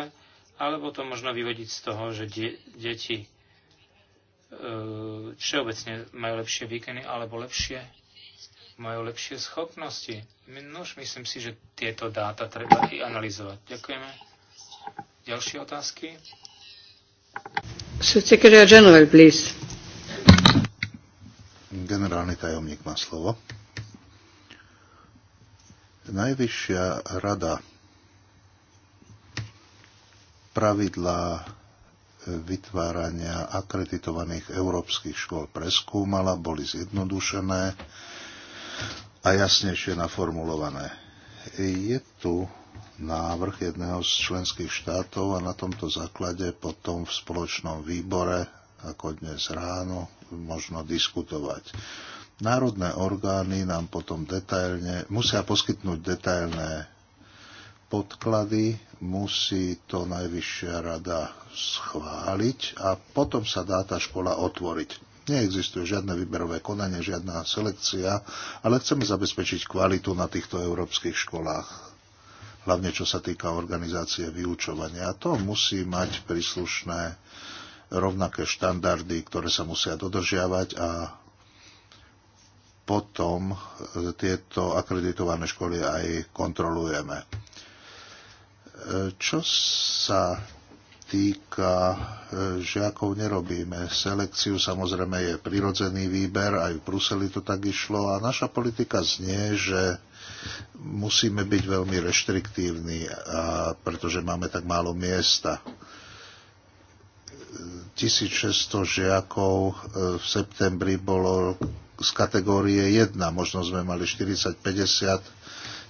alebo to možno vyvodiť z toho, že de- deti E, všeobecne majú lepšie výkony alebo lepšie majú lepšie schopnosti. My, Nož, myslím si, že tieto dáta treba i analyzovať. Ďakujeme. Ďalšie otázky? Secretary General, please. Generálny tajomník má slovo. Najvyššia rada pravidla vytvárania akreditovaných európskych škôl preskúmala, boli zjednodušené a jasnejšie naformulované. Je tu návrh jedného z členských štátov a na tomto základe potom v spoločnom výbore, ako dnes ráno, možno diskutovať. Národné orgány nám potom detailne, musia poskytnúť detailné podklady, musí to Najvyššia rada schváliť a potom sa dá tá škola otvoriť. Neexistuje žiadne výberové konanie, žiadna selekcia, ale chceme zabezpečiť kvalitu na týchto európskych školách, hlavne čo sa týka organizácie vyučovania. A to musí mať príslušné rovnaké štandardy, ktoré sa musia dodržiavať a potom tieto akreditované školy aj kontrolujeme. Čo sa týka e, žiakov, nerobíme selekciu. Samozrejme je prirodzený výber, aj v Bruseli to tak išlo. A naša politika znie, že musíme byť veľmi reštriktívni, a pretože máme tak málo miesta. 1600 žiakov e, v septembri bolo z kategórie 1, možno sme mali 40-50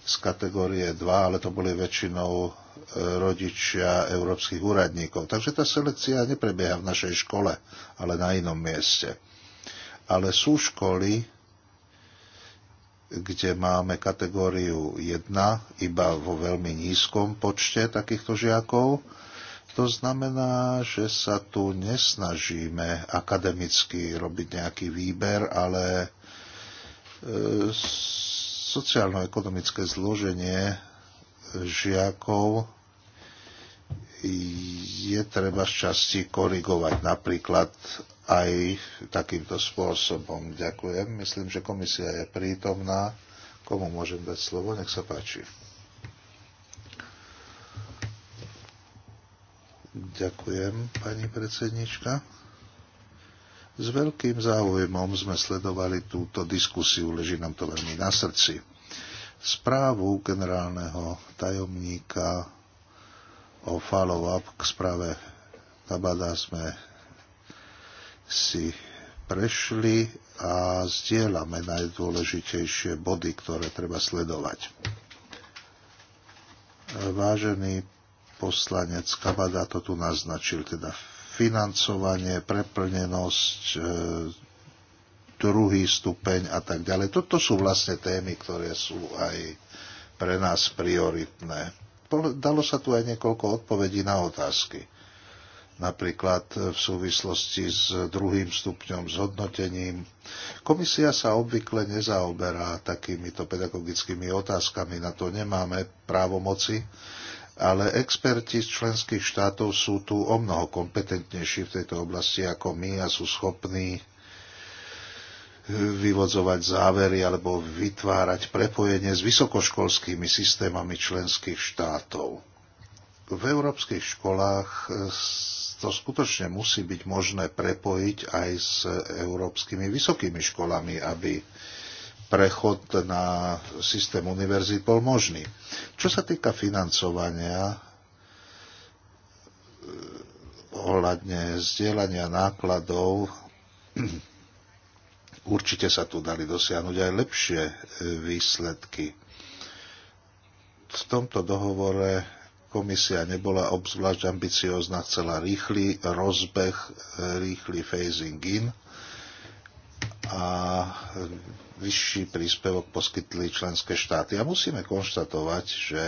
z kategórie 2, ale to boli väčšinou rodičia európskych úradníkov. Takže tá selekcia neprebieha v našej škole, ale na inom mieste. Ale sú školy, kde máme kategóriu 1 iba vo veľmi nízkom počte takýchto žiakov. To znamená, že sa tu nesnažíme akademicky robiť nejaký výber, ale e, sociálno-ekonomické zloženie žiakov je treba z časti korigovať napríklad aj takýmto spôsobom. Ďakujem. Myslím, že komisia je prítomná. Komu môžem dať slovo? Nech sa páči. Ďakujem, pani predsednička. S veľkým záujmom sme sledovali túto diskusiu, leží nám to veľmi na srdci správu generálneho tajomníka o follow-up k správe Kabada sme si prešli a zdieľame najdôležitejšie body, ktoré treba sledovať. Vážený poslanec Kabada to tu naznačil, teda financovanie, preplnenosť, e, druhý stupeň a tak ďalej. Toto sú vlastne témy, ktoré sú aj pre nás prioritné. Dalo sa tu aj niekoľko odpovedí na otázky. Napríklad v súvislosti s druhým stupňom zhodnotením. Komisia sa obvykle nezaoberá takýmito pedagogickými otázkami, na to nemáme právomoci, ale experti z členských štátov sú tu o mnoho kompetentnejší v tejto oblasti ako my a sú schopní vyvodzovať závery alebo vytvárať prepojenie s vysokoškolskými systémami členských štátov. V európskych školách e, to skutočne musí byť možné prepojiť aj s európskymi vysokými školami, aby prechod na systém univerzít bol možný. Čo sa týka financovania, e, ohľadne zdieľania nákladov, určite sa tu dali dosiahnuť aj lepšie e, výsledky. V tomto dohovore komisia nebola obzvlášť ambiciózna, chcela rýchly rozbeh, e, rýchly phasing in a vyšší príspevok poskytli členské štáty. A musíme konštatovať, že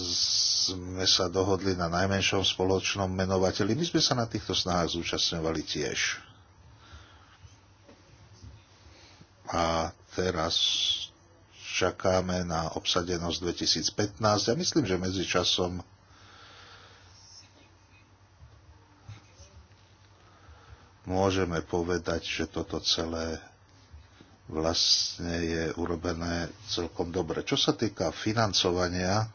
z sme sa dohodli na najmenšom spoločnom menovateli. My sme sa na týchto snahách zúčastňovali tiež. A teraz čakáme na obsadenosť 2015 a ja myslím, že medzi časom môžeme povedať, že toto celé vlastne je urobené celkom dobre. Čo sa týka financovania,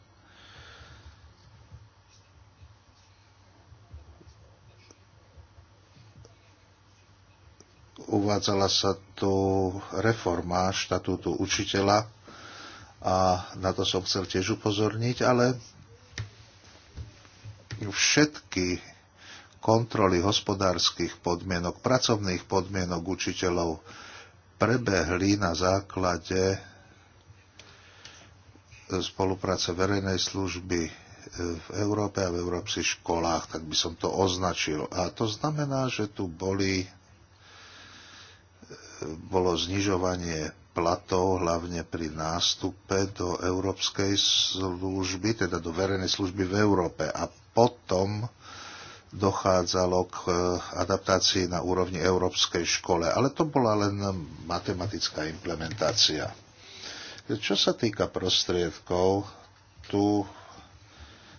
uvádzala sa tu reforma štatútu učiteľa a na to som chcel tiež upozorniť, ale všetky kontroly hospodárskych podmienok, pracovných podmienok učiteľov prebehli na základe spolupráce verejnej služby v Európe a v európskych školách, tak by som to označil. A to znamená, že tu boli bolo znižovanie platov, hlavne pri nástupe do európskej služby, teda do verejnej služby v Európe. A potom dochádzalo k e, adaptácii na úrovni európskej škole, ale to bola len matematická implementácia. Čo sa týka prostriedkov, tu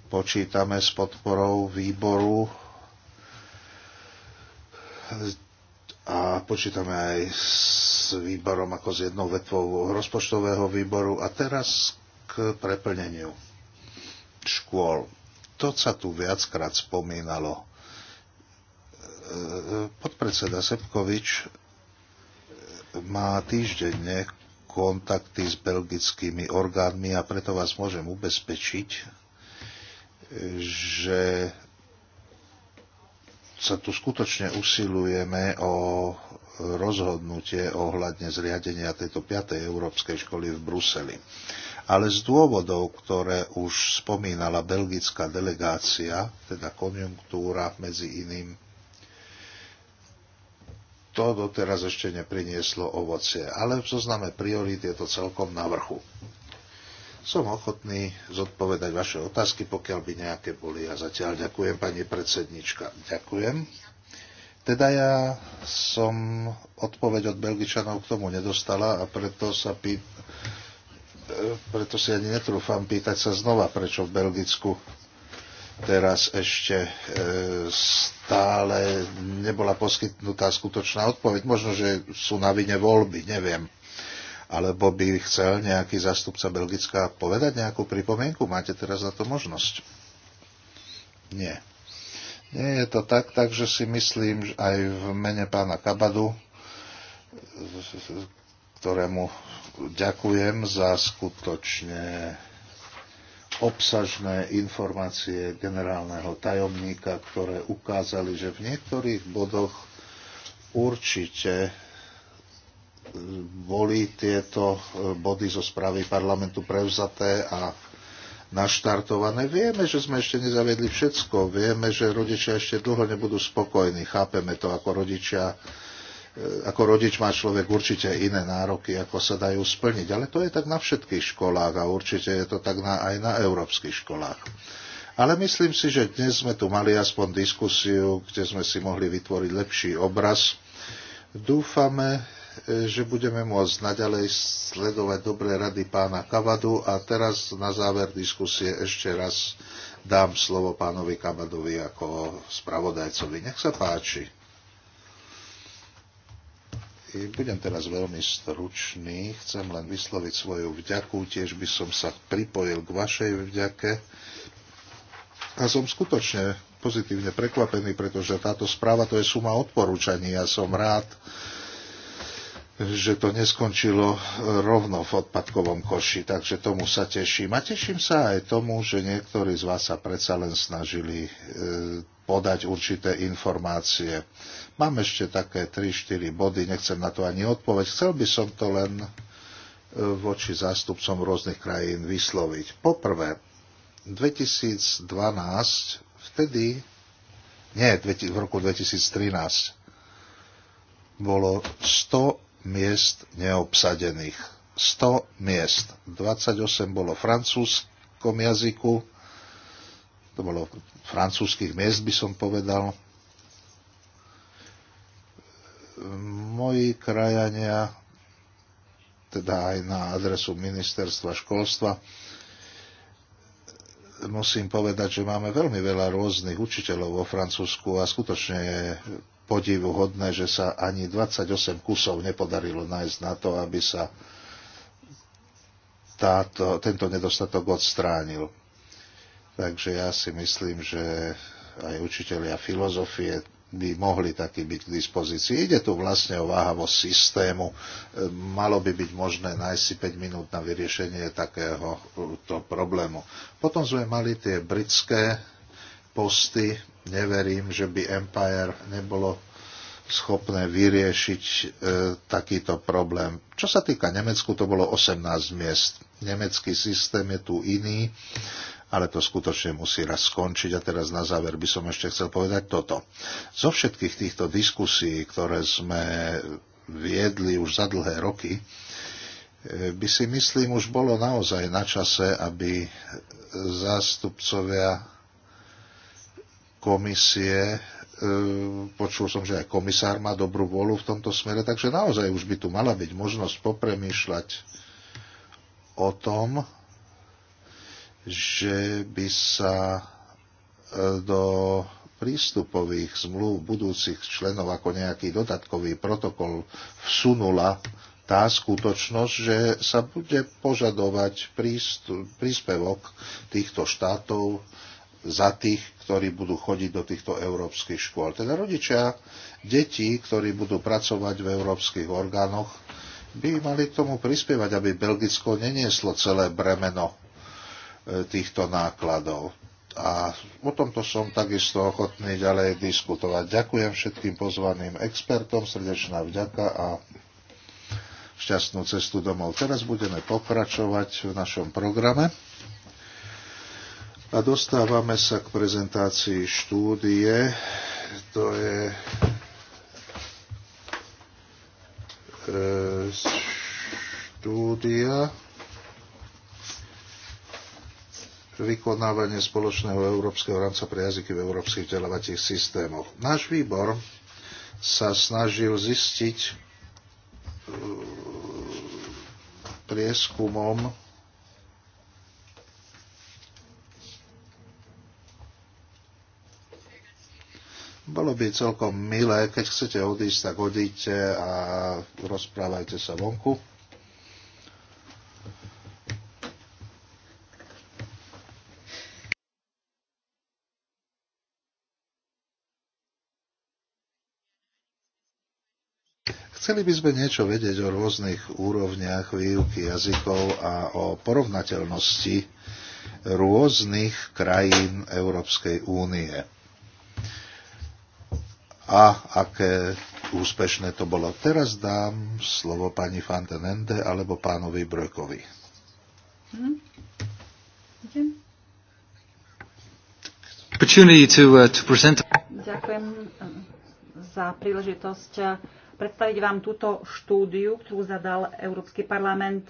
počítame s podporou výboru a počítame aj s výborom ako s jednou vetvou rozpočtového výboru. A teraz k preplneniu škôl. To sa tu viackrát spomínalo. Podpredseda Sepkovič má týždenne kontakty s belgickými orgánmi a preto vás môžem ubezpečiť, že sa tu skutočne usilujeme o rozhodnutie ohľadne zriadenia tejto 5. európskej školy v Bruseli. Ale z dôvodov, ktoré už spomínala belgická delegácia, teda konjunktúra medzi iným, to doteraz ešte neprinieslo ovocie, ale v zozname priorít je to celkom na vrchu. Som ochotný zodpovedať vaše otázky, pokiaľ by nejaké boli. A zatiaľ ďakujem, pani predsednička. Ďakujem. Teda ja som odpoveď od Belgičanov k tomu nedostala a preto sa pý... preto si ani netrúfam pýtať sa znova, prečo v Belgicku teraz ešte e, stále nebola poskytnutá skutočná odpoveď. Možno, že sú na vine voľby, neviem alebo by chcel nejaký zastupca Belgická povedať nejakú pripomienku? Máte teraz na to možnosť? Nie. Nie je to tak, takže si myslím, že aj v mene pána Kabadu, ktorému ďakujem za skutočne obsažné informácie generálneho tajomníka, ktoré ukázali, že v niektorých bodoch určite boli tieto e, body zo správy parlamentu prevzaté a naštartované. Vieme, že sme ešte nezaviedli všetko. Vieme, že rodičia ešte dlho nebudú spokojní. Chápeme to ako rodičia. E, ako rodič má človek určite iné nároky, ako sa dajú splniť. Ale to je tak na všetkých školách a určite je to tak na, aj na európskych školách. Ale myslím si, že dnes sme tu mali aspoň diskusiu, kde sme si mohli vytvoriť lepší obraz. Dúfame, že budeme môcť naďalej sledovať dobré rady pána Kavadu a teraz na záver diskusie ešte raz dám slovo pánovi Kavadovi ako spravodajcovi. Nech sa páči. I budem teraz veľmi stručný, chcem len vysloviť svoju vďaku, tiež by som sa pripojil k vašej vďake. A som skutočne pozitívne prekvapený, pretože táto správa to je suma odporúčaní. Ja som rád, že to neskončilo e, rovno v odpadkovom koši, takže tomu sa teším. A teším sa aj tomu, že niektorí z vás sa predsa len snažili e, podať určité informácie. Mám ešte také 3-4 body, nechcem na to ani odpoveď. Chcel by som to len e, voči zástupcom rôznych krajín vysloviť. Poprvé, 2012, vtedy, nie, v roku 2013, bolo 100 miest neobsadených. 100 miest. 28 bolo v francúzskom jazyku. To bolo francúzských miest, by som povedal. Moji krajania, teda aj na adresu ministerstva školstva, musím povedať, že máme veľmi veľa rôznych učiteľov vo Francúzsku a skutočne je podivu hodné, že sa ani 28 kusov nepodarilo nájsť na to, aby sa táto, tento nedostatok odstránil. Takže ja si myslím, že aj učiteľia filozofie by mohli taký byť k dispozícii. Ide tu vlastne o váhavosť systému. E, malo by byť možné nájsť si 5 minút na vyriešenie takéhoto problému. Potom sme mali tie britské posty, neverím, že by Empire nebolo schopné vyriešiť e, takýto problém. Čo sa týka Nemecku, to bolo 18 miest. Nemecký systém je tu iný, ale to skutočne musí raz skončiť. A teraz na záver by som ešte chcel povedať toto. Zo všetkých týchto diskusí, ktoré sme viedli už za dlhé roky, e, by si myslím, už bolo naozaj na čase, aby zástupcovia komisie, e, počul som, že aj komisár má dobrú volu v tomto smere, takže naozaj už by tu mala byť možnosť popremýšľať o tom, že by sa e, do prístupových zmluv budúcich členov ako nejaký dodatkový protokol vsunula tá skutočnosť, že sa bude požadovať príspevok týchto štátov za tých, ktorí budú chodiť do týchto európskych škôl. Teda rodičia detí, ktorí budú pracovať v európskych orgánoch, by mali k tomu prispievať, aby Belgicko nenieslo celé bremeno e, týchto nákladov. A o tomto som takisto ochotný ďalej diskutovať. Ďakujem všetkým pozvaným expertom, srdečná vďaka a šťastnú cestu domov. Teraz budeme pokračovať v našom programe. A dostávame sa k prezentácii štúdie. To je e, štúdia vykonávanie spoločného európskeho rámca pre jazyky v európskych vzdelávacích systémoch. Náš výbor sa snažil zistiť e, prieskumom bolo by celkom milé, keď chcete odísť, tak odíďte a rozprávajte sa vonku. Chceli by sme niečo vedieť o rôznych úrovniach výuky jazykov a o porovnateľnosti rôznych krajín Európskej únie a aké úspešné to bolo. Teraz dám slovo pani Fantenende alebo pánovi Brojkovi. Mhm. Ďakujem uh, eh, za príležitosť eh, predstaviť vám túto štúdiu, ktorú zadal Európsky parlament.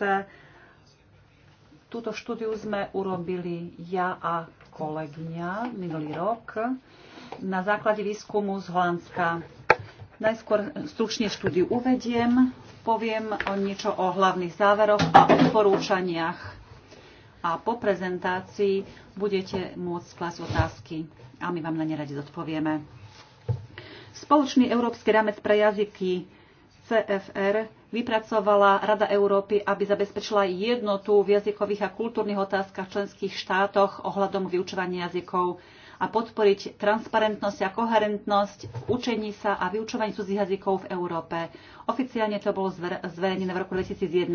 Túto štúdiu sme urobili ja a kolegyňa minulý rok na základe výskumu z Holandska. Najskôr stručne štúdiu uvediem, poviem o niečo o hlavných záveroch a odporúčaniach. A po prezentácii budete môcť klásť otázky a my vám na ne radi zodpovieme. Spoločný európsky ramec pre jazyky CFR vypracovala Rada Európy, aby zabezpečila jednotu v jazykových a kultúrnych otázkach v členských štátoch ohľadom vyučovania jazykov a podporiť transparentnosť a koherentnosť v učení sa a vyučovaní cudzích jazykov v Európe. Oficiálne to bolo zverejnené v roku 2001.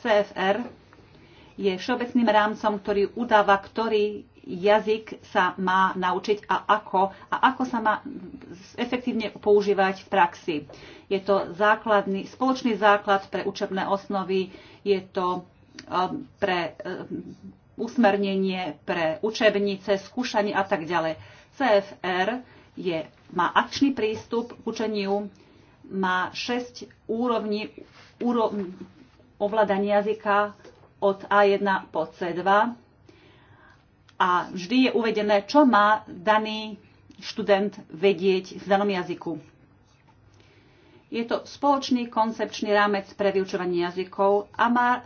CFR je všeobecným rámcom, ktorý udáva, ktorý jazyk sa má naučiť a ako a ako sa má efektívne používať v praxi. Je to základný, spoločný základ pre učebné osnovy, je to um, pre um, usmernenie pre učebnice, skúšanie a tak ďalej. CFR je, má akčný prístup k učeniu, má 6 úrovní úrov, ovládania jazyka od A1 po C2 a vždy je uvedené, čo má daný študent vedieť v danom jazyku. Je to spoločný koncepčný rámec pre vyučovanie jazykov a má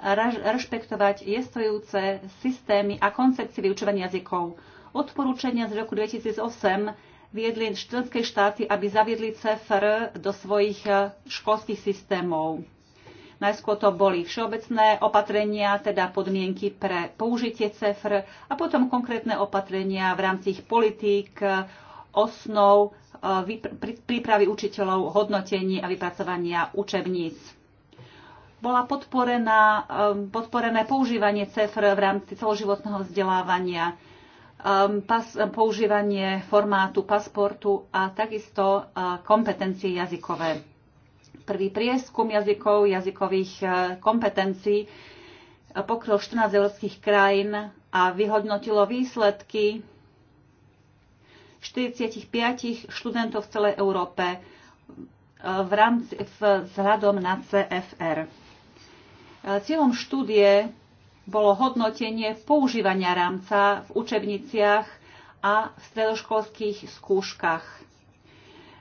rešpektovať jestvojúce systémy a koncepcie vyučovania jazykov. Odporúčania z roku 2008 viedli členské štáty, aby zaviedli CFR do svojich e, školských systémov. Najskôr to boli všeobecné opatrenia, teda podmienky pre použitie CFR a potom konkrétne opatrenia v rámci ich politík, e, osnov E, prípravy učiteľov, hodnotení a vypracovania učebníc. Bola podporená, e, podporené používanie CEFR v rámci celoživotného vzdelávania, e, pas, používanie formátu pasportu a takisto kompetencie jazykové. Prvý prieskum jazykov, jazykových kompetencií pokryl 14 európskych krajín a vyhodnotilo výsledky 45 študentov v celej Európe e, v rámci, vzhľadom na CFR. E, cieľom štúdie bolo hodnotenie používania rámca v učebniciach a v stredoškolských skúškach.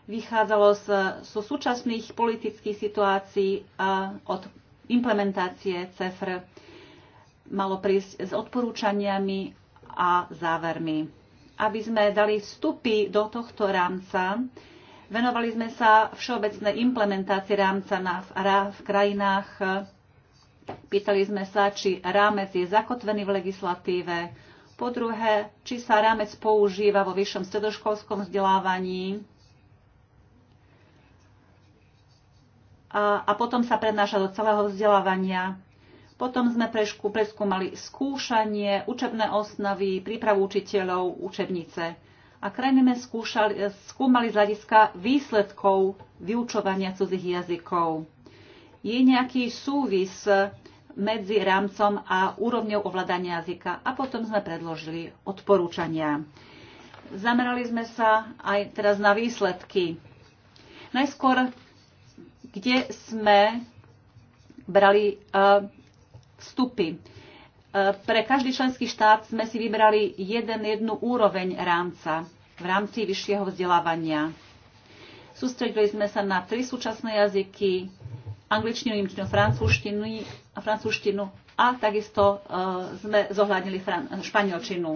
Vychádzalo z, zo súčasných politických situácií a od implementácie CFR Malo prísť s odporúčaniami a závermi aby sme dali vstupy do tohto rámca. Venovali sme sa všeobecnej implementácii rámca na, v krajinách. Pýtali sme sa, či rámec je zakotvený v legislatíve. Po druhé, či sa rámec používa vo vyššom stredoškolskom vzdelávaní. A, a potom sa prednáša do celého vzdelávania. Potom sme prešku, preskúmali skúšanie, učebné osnovy, prípravu učiteľov, učebnice. A krajiny sme skúšali, skúmali z hľadiska výsledkov vyučovania cudzých jazykov. Je nejaký súvis medzi rámcom a úrovňou ovládania jazyka a potom sme predložili odporúčania. Zamerali sme sa aj teraz na výsledky. Najskôr, kde sme brali uh, vstupy. E, pre každý členský štát sme si vybrali jeden, jednu úroveň rámca v rámci vyššieho vzdelávania. Sústredili sme sa na tri súčasné jazyky, angličtinu, nemčinu, francúzštinu a francúzštinu a takisto e, sme zohľadnili španielčinu.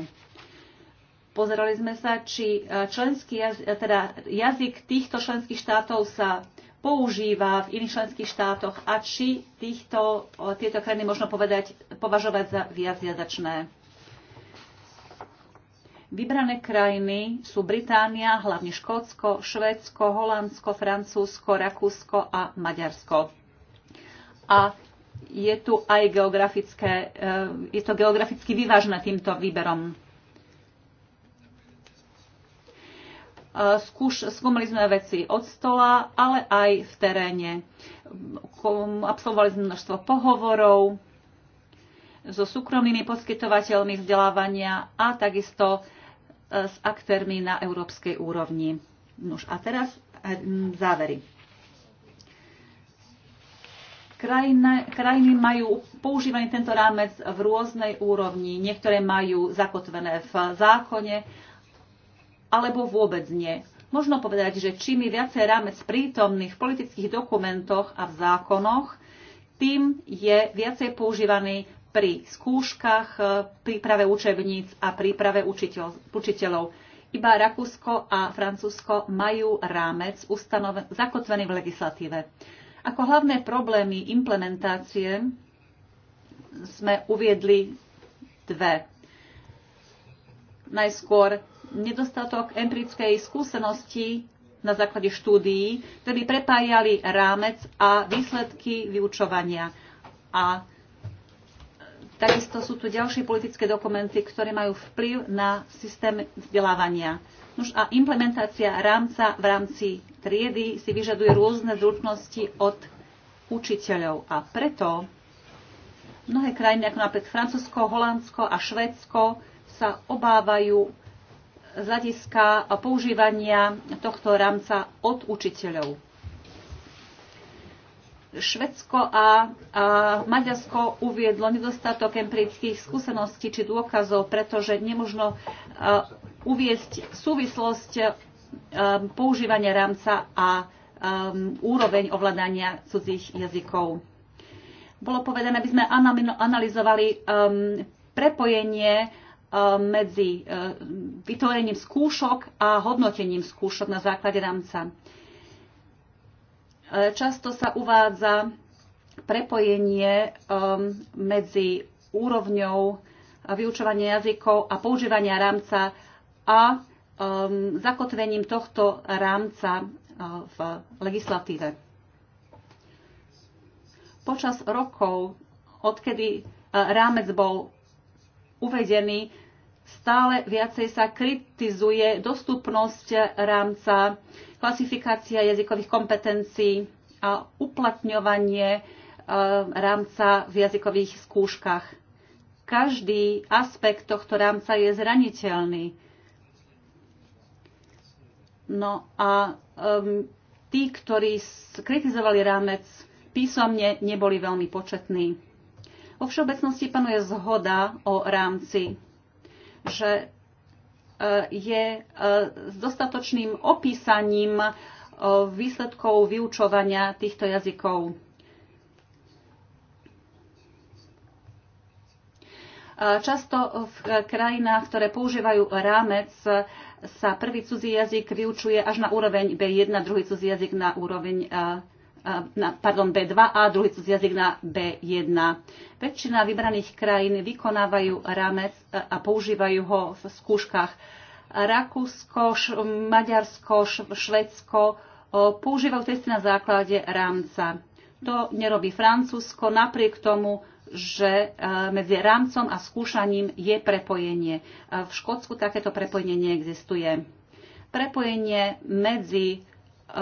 Pozerali sme sa, či e, členský jazyk, teda jazyk týchto členských štátov sa používa v iných členských štátoch a či týchto, tieto krajiny možno povedať, považovať za viac jazačné. Vybrané krajiny sú Británia, hlavne Škótsko, Švédsko, Holandsko, Francúzsko, Rakúsko a Maďarsko. A je tu aj geografické, e, je to geograficky vyvážené týmto výberom Skúš, skúmali sme veci od stola, ale aj v teréne. Absolvovali sme množstvo pohovorov so súkromnými poskytovateľmi vzdelávania a takisto e, s aktérmi na európskej úrovni. Nož a teraz e, závery. Krajine, krajiny majú používaný tento rámec v rôznej úrovni. Niektoré majú zakotvené v zákone, alebo vôbec nie. Možno povedať, že čím je viacej rámec prítomných v politických dokumentoch a v zákonoch, tým je viacej používaný pri skúškach, eh, príprave učebníc a príprave učiteľ, učiteľov. Iba Rakúsko a Francúzsko majú rámec ustanoven- zakotvený v legislatíve. Ako hlavné problémy implementácie sme uviedli dve. Najskôr nedostatok empirickej skúsenosti na základe štúdií, ktorí prepájali rámec a výsledky vyučovania. A takisto sú tu ďalšie politické dokumenty, ktoré majú vplyv na systém vzdelávania. Nož a implementácia rámca v rámci triedy si vyžaduje rôzne zručnosti od učiteľov. A preto mnohé krajiny, ako napríklad Francúzsko, Holandsko a Švédsko, sa obávajú z hľadiska používania tohto rámca od učiteľov. Švedsko a, a Maďarsko uviedlo nedostatok empirických skúseností či dôkazov, pretože nemožno a, uviesť súvislosť a, používania rámca a, a úroveň ovládania cudzích jazykov. Bolo povedané, aby sme analyzovali um, prepojenie medzi eh, vytvorením skúšok a hodnotením skúšok na základe rámca. Eh, často sa uvádza prepojenie eh, medzi úrovňou vyučovania jazykov a používania rámca a zakotvením tohto rámca v legislatíve. Počas rokov, odkedy rámec bol uvedený, stále viacej sa kritizuje dostupnosť rámca, klasifikácia jazykových kompetencií a uplatňovanie e, rámca v jazykových skúškach. Každý aspekt tohto rámca je zraniteľný. No a um, tí, ktorí kritizovali rámec, písomne neboli veľmi početní. Vo všeobecnosti panuje zhoda o rámci, že e, je e, s dostatočným opísaním e, výsledkov vyučovania týchto jazykov. Často v krajinách, ktoré používajú rámec, sa prvý cudzí jazyk vyučuje až na úroveň B1, druhý cudzí jazyk na úroveň A pardon, B2 a druhý cudzí jazyk na B1. Väčšina vybraných krajín vykonávajú rámec a používajú ho v skúškach. Rakúsko, Maďarsko, Švedsko používajú testy na základe rámca. To nerobí Francúzsko, napriek tomu, že e, medzi rámcom a skúšaním je prepojenie. E, v Škótsku takéto prepojenie neexistuje. Prepojenie medzi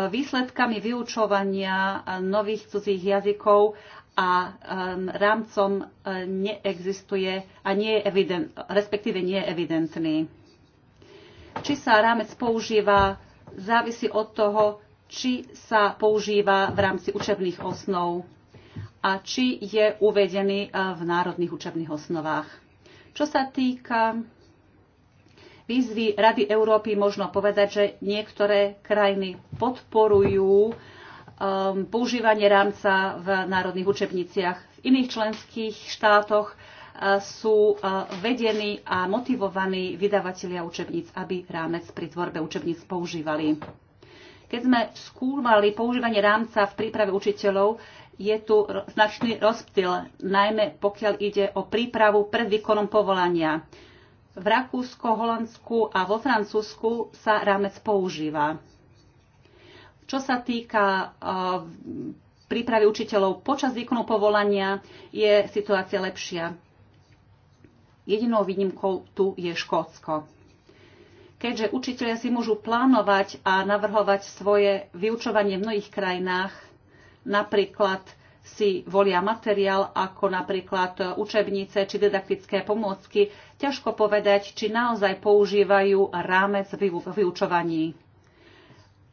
výsledkami vyučovania nových cudzích jazykov a rámcom e, neexistuje a nie je evident, respektíve nie je evidentný. Či sa rámec používa, závisí od toho, či sa používa v rámci učebných osnov a či je uvedený e, v národných učebných osnovách. Čo sa týka výzvy Rady Európy možno povedať, že niektoré krajiny podporujú um, používanie rámca v národných učebniciach. V iných členských štátoch uh, sú uh, vedení a motivovaní vydavatelia učebníc, aby rámec pri tvorbe učebníc používali. Keď sme skúmali používanie rámca v príprave učiteľov, je tu značný rozptyl, najmä pokiaľ ide o prípravu pred výkonom povolania. V Rakúsku, Holandsku a vo Francúzsku sa rámec používa. Čo sa týka eh, prípravy učiteľov počas výkonu povolania, je situácia lepšia. Jedinou výnimkou tu je Škótsko. Keďže učiteľia si môžu plánovať a navrhovať svoje vyučovanie v mnohých krajinách, napríklad si volia materiál ako napríklad učebnice či didaktické pomôcky, ťažko povedať, či naozaj používajú rámec v vyučovaní.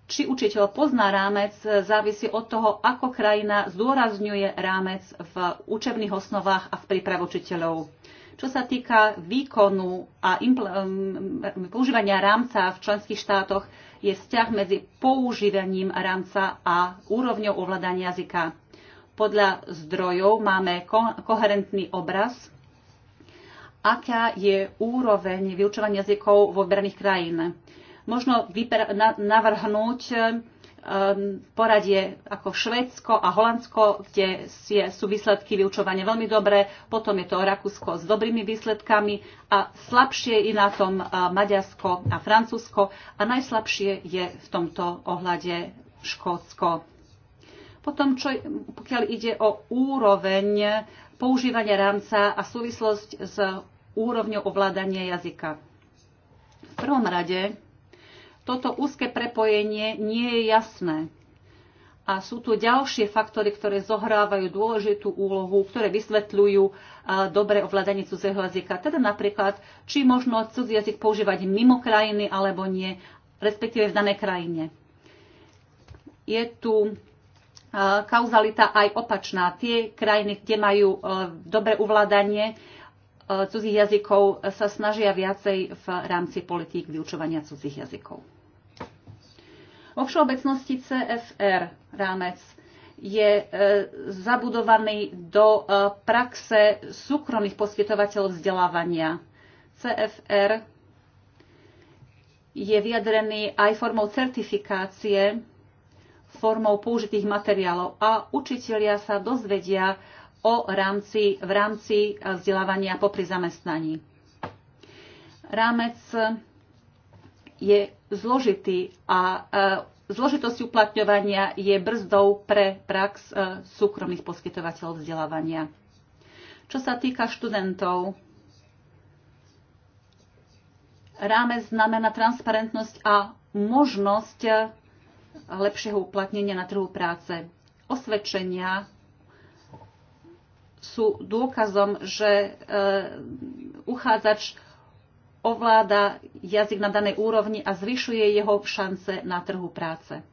Či učiteľ pozná rámec, závisí od toho, ako krajina zdôrazňuje rámec v učebných osnovách a v príprave učiteľov. Čo sa týka výkonu a používania rámca v členských štátoch, je vzťah medzi používaním rámca a úrovňou ovládania jazyka podľa zdrojov máme ko- koherentný obraz, aká je úroveň vyučovania jazykov vo vybraných krajín. Možno navrhnúť um, poradie ako Švédsko a Holandsko, kde sú výsledky vyučovania veľmi dobré, potom je to Rakúsko s dobrými výsledkami a slabšie je na tom e, Maďarsko a Francúzsko a najslabšie je v tomto ohľade Škótsko. Potom, čo, pokiaľ ide o úroveň používania rámca a súvislosť s úrovňou ovládania jazyka. V prvom rade toto úzke prepojenie nie je jasné. A sú tu ďalšie faktory, ktoré zohrávajú dôležitú úlohu, ktoré vysvetľujú dobre ovládanie cudzieho jazyka. Teda napríklad, či možno cudzí jazyk používať mimo krajiny alebo nie, respektíve v danej krajine. Je tu kauzalita aj opačná. Tie krajiny, kde majú e, dobré uvládanie e, cudzích jazykov, sa snažia viacej v rámci politík vyučovania cudzích jazykov. Vo všeobecnosti CFR rámec je e, zabudovaný do praxe súkromných poskytovateľov vzdelávania. CFR je vyjadrený aj formou certifikácie formou použitých materiálov a učitelia sa dozvedia o rámci, v rámci vzdelávania popri zamestnaní. Rámec je zložitý a e, zložitosť uplatňovania je brzdou pre prax e, súkromných poskytovateľov vzdelávania. Čo sa týka študentov, rámec znamená transparentnosť a možnosť lepšieho uplatnenia na trhu práce. Osvedčenia sú dôkazom, že e, uchádzač ovláda jazyk na danej úrovni a zvyšuje jeho šance na trhu práce.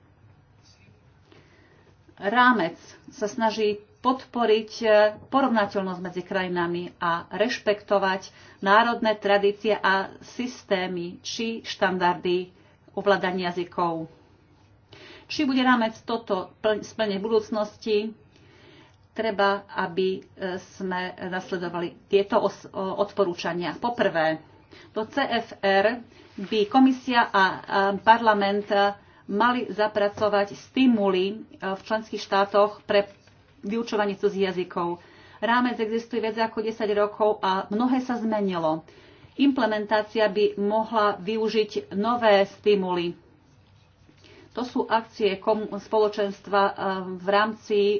Rámec sa snaží podporiť e, porovnateľnosť medzi krajinami a rešpektovať národné tradície a systémy či štandardy ovládania jazykov či bude rámec toto splne v budúcnosti, treba, aby e, sme nasledovali tieto e, odporúčania. Poprvé, do CFR by komisia a parlament mali zapracovať stimuly e, v členských štátoch pre vyučovanie cudzích jazykov. Rámec existuje viac ako 10 rokov a mnohé sa zmenilo. Implementácia by mohla využiť nové stimuly to sú akcie spoločenstva eh, v rámci eh,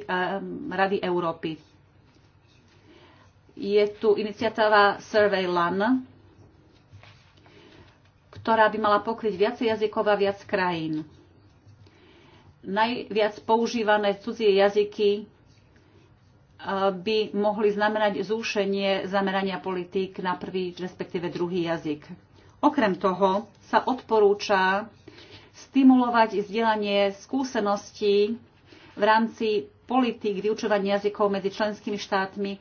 Rady Európy. Je tu iniciatíva Survey LAN, ktorá by mala pokryť viacej jazykov a viac krajín. Najviac používané cudzie jazyky eh, by mohli znamenať zúšenie zamerania politík na prvý, respektíve druhý jazyk. Okrem toho sa odporúča stimulovať vzdelanie skúseností v rámci politik vyučovania jazykov medzi členskými štátmi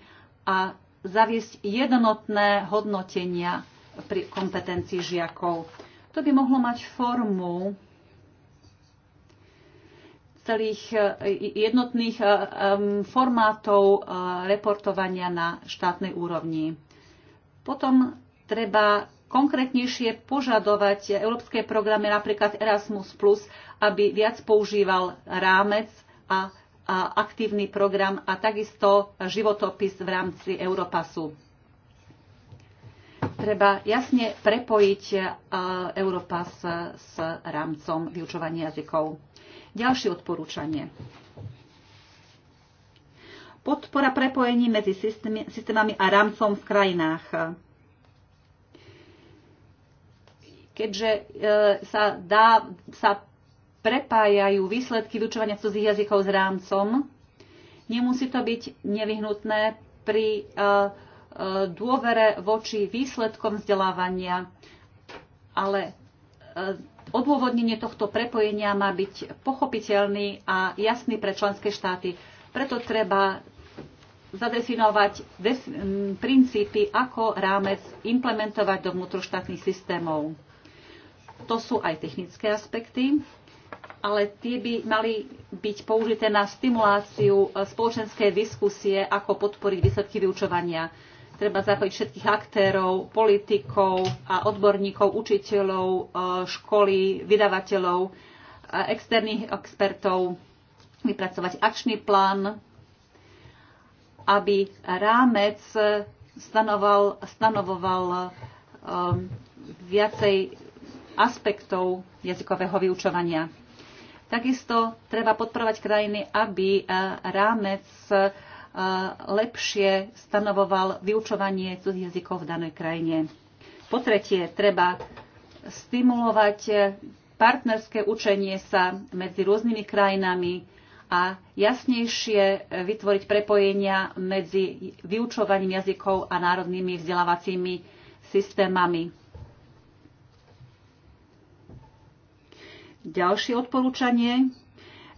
a zaviesť jednotné hodnotenia pri kompetencii žiakov. To by mohlo mať formu celých e, jednotných e, formátov e, reportovania na štátnej úrovni. Potom treba konkrétnejšie požadovať európske programy, napríklad Erasmus+, aby viac používal rámec a, a aktívny program a takisto životopis v rámci Europasu. Treba jasne prepojiť e, Europas s rámcom vyučovania jazykov. Ďalšie odporúčanie. Podpora prepojení medzi systémami a rámcom v krajinách keďže e, sa, dá, sa prepájajú výsledky vyučovania cudzích jazykov s rámcom. Nemusí to byť nevyhnutné pri e, e, dôvere voči výsledkom vzdelávania, ale odôvodnenie tohto prepojenia má byť pochopiteľný a jasný pre členské štáty. Preto treba zadefinovať princípy, ako rámec implementovať do vnútroštátnych systémov. To sú aj technické aspekty, ale tie by mali byť použité na stimuláciu e, spoločenskej diskusie, ako podporiť výsledky vyučovania. Treba zapojiť všetkých aktérov, politikov a odborníkov, učiteľov, e, školy, vydavateľov, e, externých expertov, vypracovať akčný plán, aby rámec stanoval, stanovoval um, viacej aspektov jazykového vyučovania. Takisto treba podporovať krajiny, aby e, rámec e, lepšie stanovoval vyučovanie cudzích jazykov v danej krajine. Po tretie, treba stimulovať e, partnerské učenie sa medzi rôznymi krajinami a jasnejšie vytvoriť prepojenia medzi vyučovaním jazykov a národnými vzdelávacími systémami. Ďalšie odporúčanie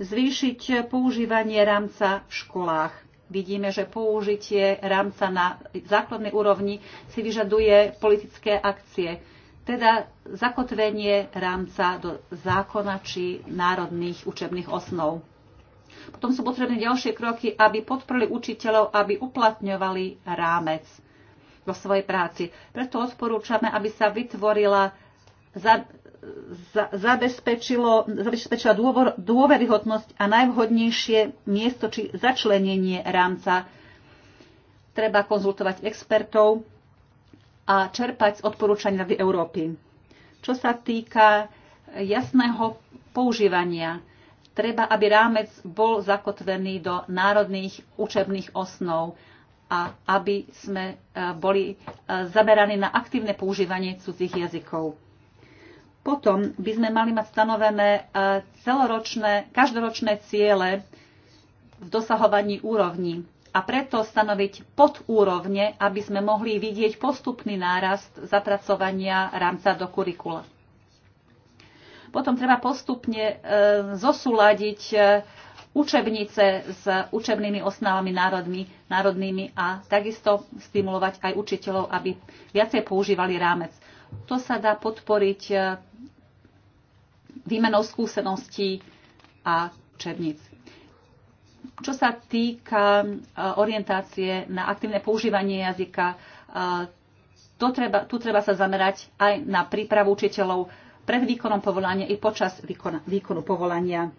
zvýšiť používanie rámca v školách. Vidíme, že použitie rámca na základnej úrovni si vyžaduje politické akcie, teda zakotvenie rámca do zákona či národných učebných osnov. Potom sú potrebné ďalšie kroky, aby podporili učiteľov, aby uplatňovali rámec vo svojej práci. Preto odporúčame, aby sa vytvorila zabezpečilo, zabezpečila dôvor, dôveryhodnosť a najvhodnejšie miesto či začlenenie rámca. Treba konzultovať expertov a čerpať z odporúčania Rady Európy. Čo sa týka jasného používania, treba, aby rámec bol zakotvený do národných učebných osnov a aby sme eh, boli eh, zameraní na aktívne používanie cudzích jazykov potom by sme mali mať stanovené e, celoročné, každoročné ciele v dosahovaní úrovní a preto stanoviť podúrovne, aby sme mohli vidieť postupný nárast zapracovania rámca do kurikula. Potom treba postupne e, zosúľadiť e, učebnice s učebnými osnávami národmi, národnými a takisto stimulovať aj učiteľov, aby viacej používali rámec. To sa dá podporiť výmenou skúseností a učebníc. Čo sa týka eh, orientácie na aktívne používanie jazyka, eh, to treba, tu treba sa zamerať aj na prípravu učiteľov pred výkonom povolania i počas výkona, výkonu povolania.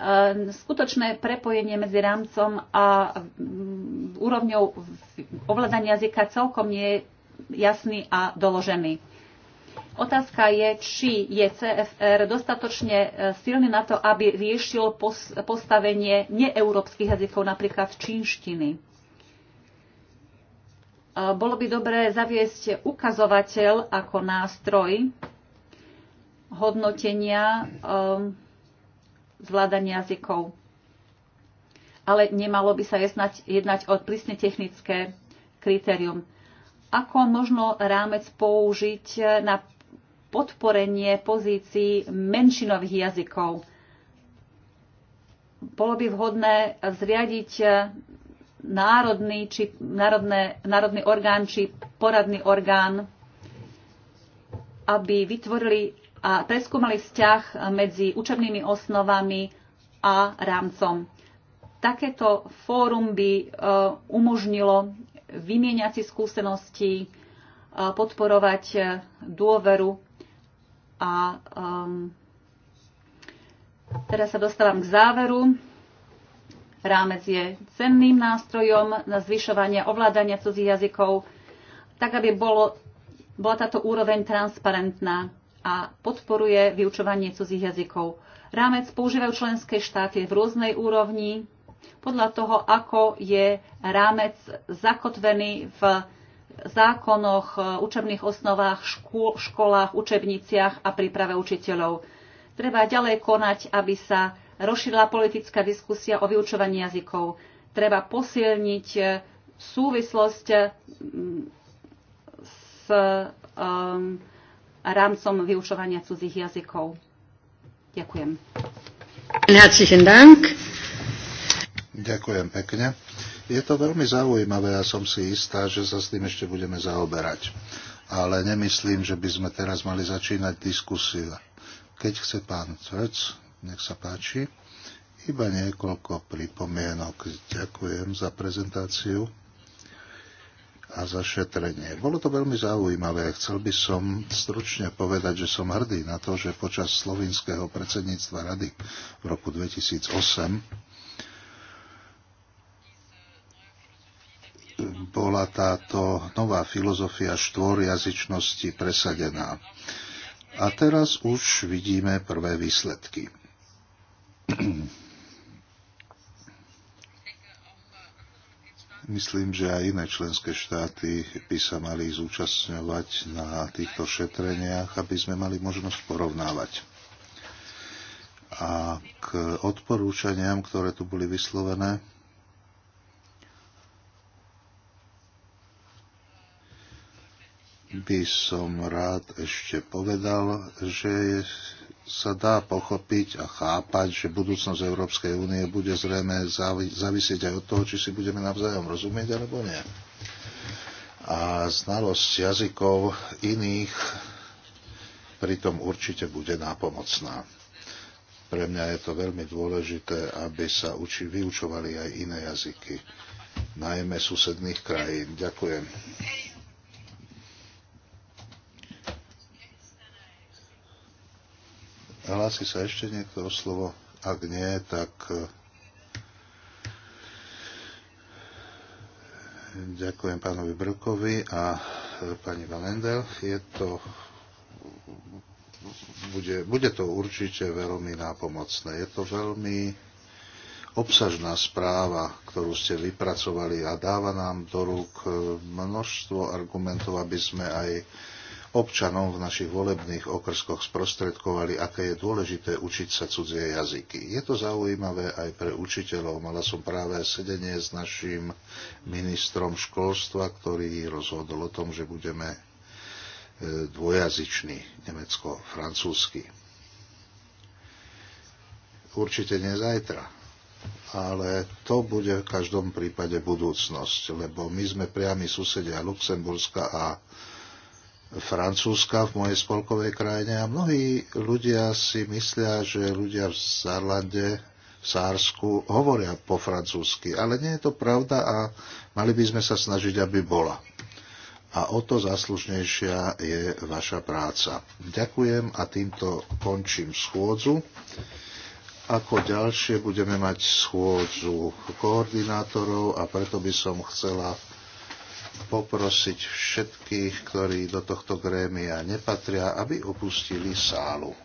Eh, skutočné prepojenie medzi rámcom a mm, úrovňou ovládania jazyka celkom nie je jasný a doložený Otázka je, či je CFR dostatočne e, silný na to, aby riešil postavenie neeurópskych jazykov, napríklad čínštiny. E, bolo by dobré zaviesť ukazovateľ ako nástroj hodnotenia e, zvládania jazykov. Ale nemalo by sa jednať, jednať o prísne technické kritérium. Ako možno rámec použiť na podporenie pozícií menšinových jazykov. Bolo by vhodné zriadiť národný, či národné, národný orgán či poradný orgán, aby vytvorili a preskúmali vzťah medzi učebnými osnovami a rámcom. Takéto fórum by e, umožnilo vymieňať si skúsenosti, e, podporovať e, dôveru a um, teraz sa dostávam k záveru. Rámec je cenným nástrojom na zvyšovanie ovládania cudzích jazykov, tak aby bolo, bola táto úroveň transparentná a podporuje vyučovanie cudzích jazykov. Rámec používajú členské štáty v rôznej úrovni podľa toho, ako je rámec zakotvený v zákonoch, e, učebných osnovách, škôl, školách, učebniciach a príprave učiteľov. Treba ďalej konať, aby sa rozšírila politická diskusia o vyučovaní jazykov. Treba posilniť e, súvislosť e, s um, rámcom vyučovania cudzích jazykov. Ďakujem. Ďakujem pekne. Je to veľmi zaujímavé a som si istá, že sa s tým ešte budeme zaoberať. Ale nemyslím, že by sme teraz mali začínať diskusiu. Keď chce pán Trec, nech sa páči. Iba niekoľko pripomienok. Ďakujem za prezentáciu a za šetrenie. Bolo to veľmi zaujímavé. Chcel by som stručne povedať, že som hrdý na to, že počas slovinského predsedníctva rady v roku 2008 bola táto nová filozofia štvorjazyčnosti presadená. A teraz už vidíme prvé výsledky. Myslím, že aj iné členské štáty by sa mali zúčastňovať na týchto šetreniach, aby sme mali možnosť porovnávať. A k odporúčaniam, ktoré tu boli vyslovené, by som rád ešte povedal, že sa dá pochopiť a chápať, že budúcnosť Európskej únie bude zrejme závisieť aj od toho, či si budeme navzájom rozumieť alebo nie. A znalosť jazykov iných pritom určite bude nápomocná. Pre mňa je to veľmi dôležité, aby sa uči, vyučovali aj iné jazyky, najmä susedných krajín. Ďakujem. Hlási sa ešte niekto o slovo? Ak nie, tak eh, ďakujem pánovi Brkovi a eh, pani Valendel. Je to, bude, bude to určite veľmi nápomocné. Je to veľmi obsažná správa, ktorú ste vypracovali a dáva nám do rúk eh, množstvo argumentov, aby sme aj občanom v našich volebných okrskoch sprostredkovali, aké je dôležité učiť sa cudzie jazyky. Je to zaujímavé aj pre učiteľov. Mala som práve sedenie s našim ministrom školstva, ktorý rozhodol o tom, že budeme e, dvojazyčný, nemecko-francúzsky. Určite nie zajtra, ale to bude v každom prípade budúcnosť, lebo my sme priami susedia Luxemburska a Francúzska v mojej spolkovej krajine a mnohí ľudia si myslia, že ľudia v Zárlande, v Sársku hovoria po francúzsky, ale nie je to pravda a mali by sme sa snažiť, aby bola. A o to záslužnejšia je vaša práca. Ďakujem a týmto končím schôdzu. Ako ďalšie budeme mať schôdzu koordinátorov a preto by som chcela poprosiť všetkých, ktorí do tohto grémia nepatria, aby opustili sálu.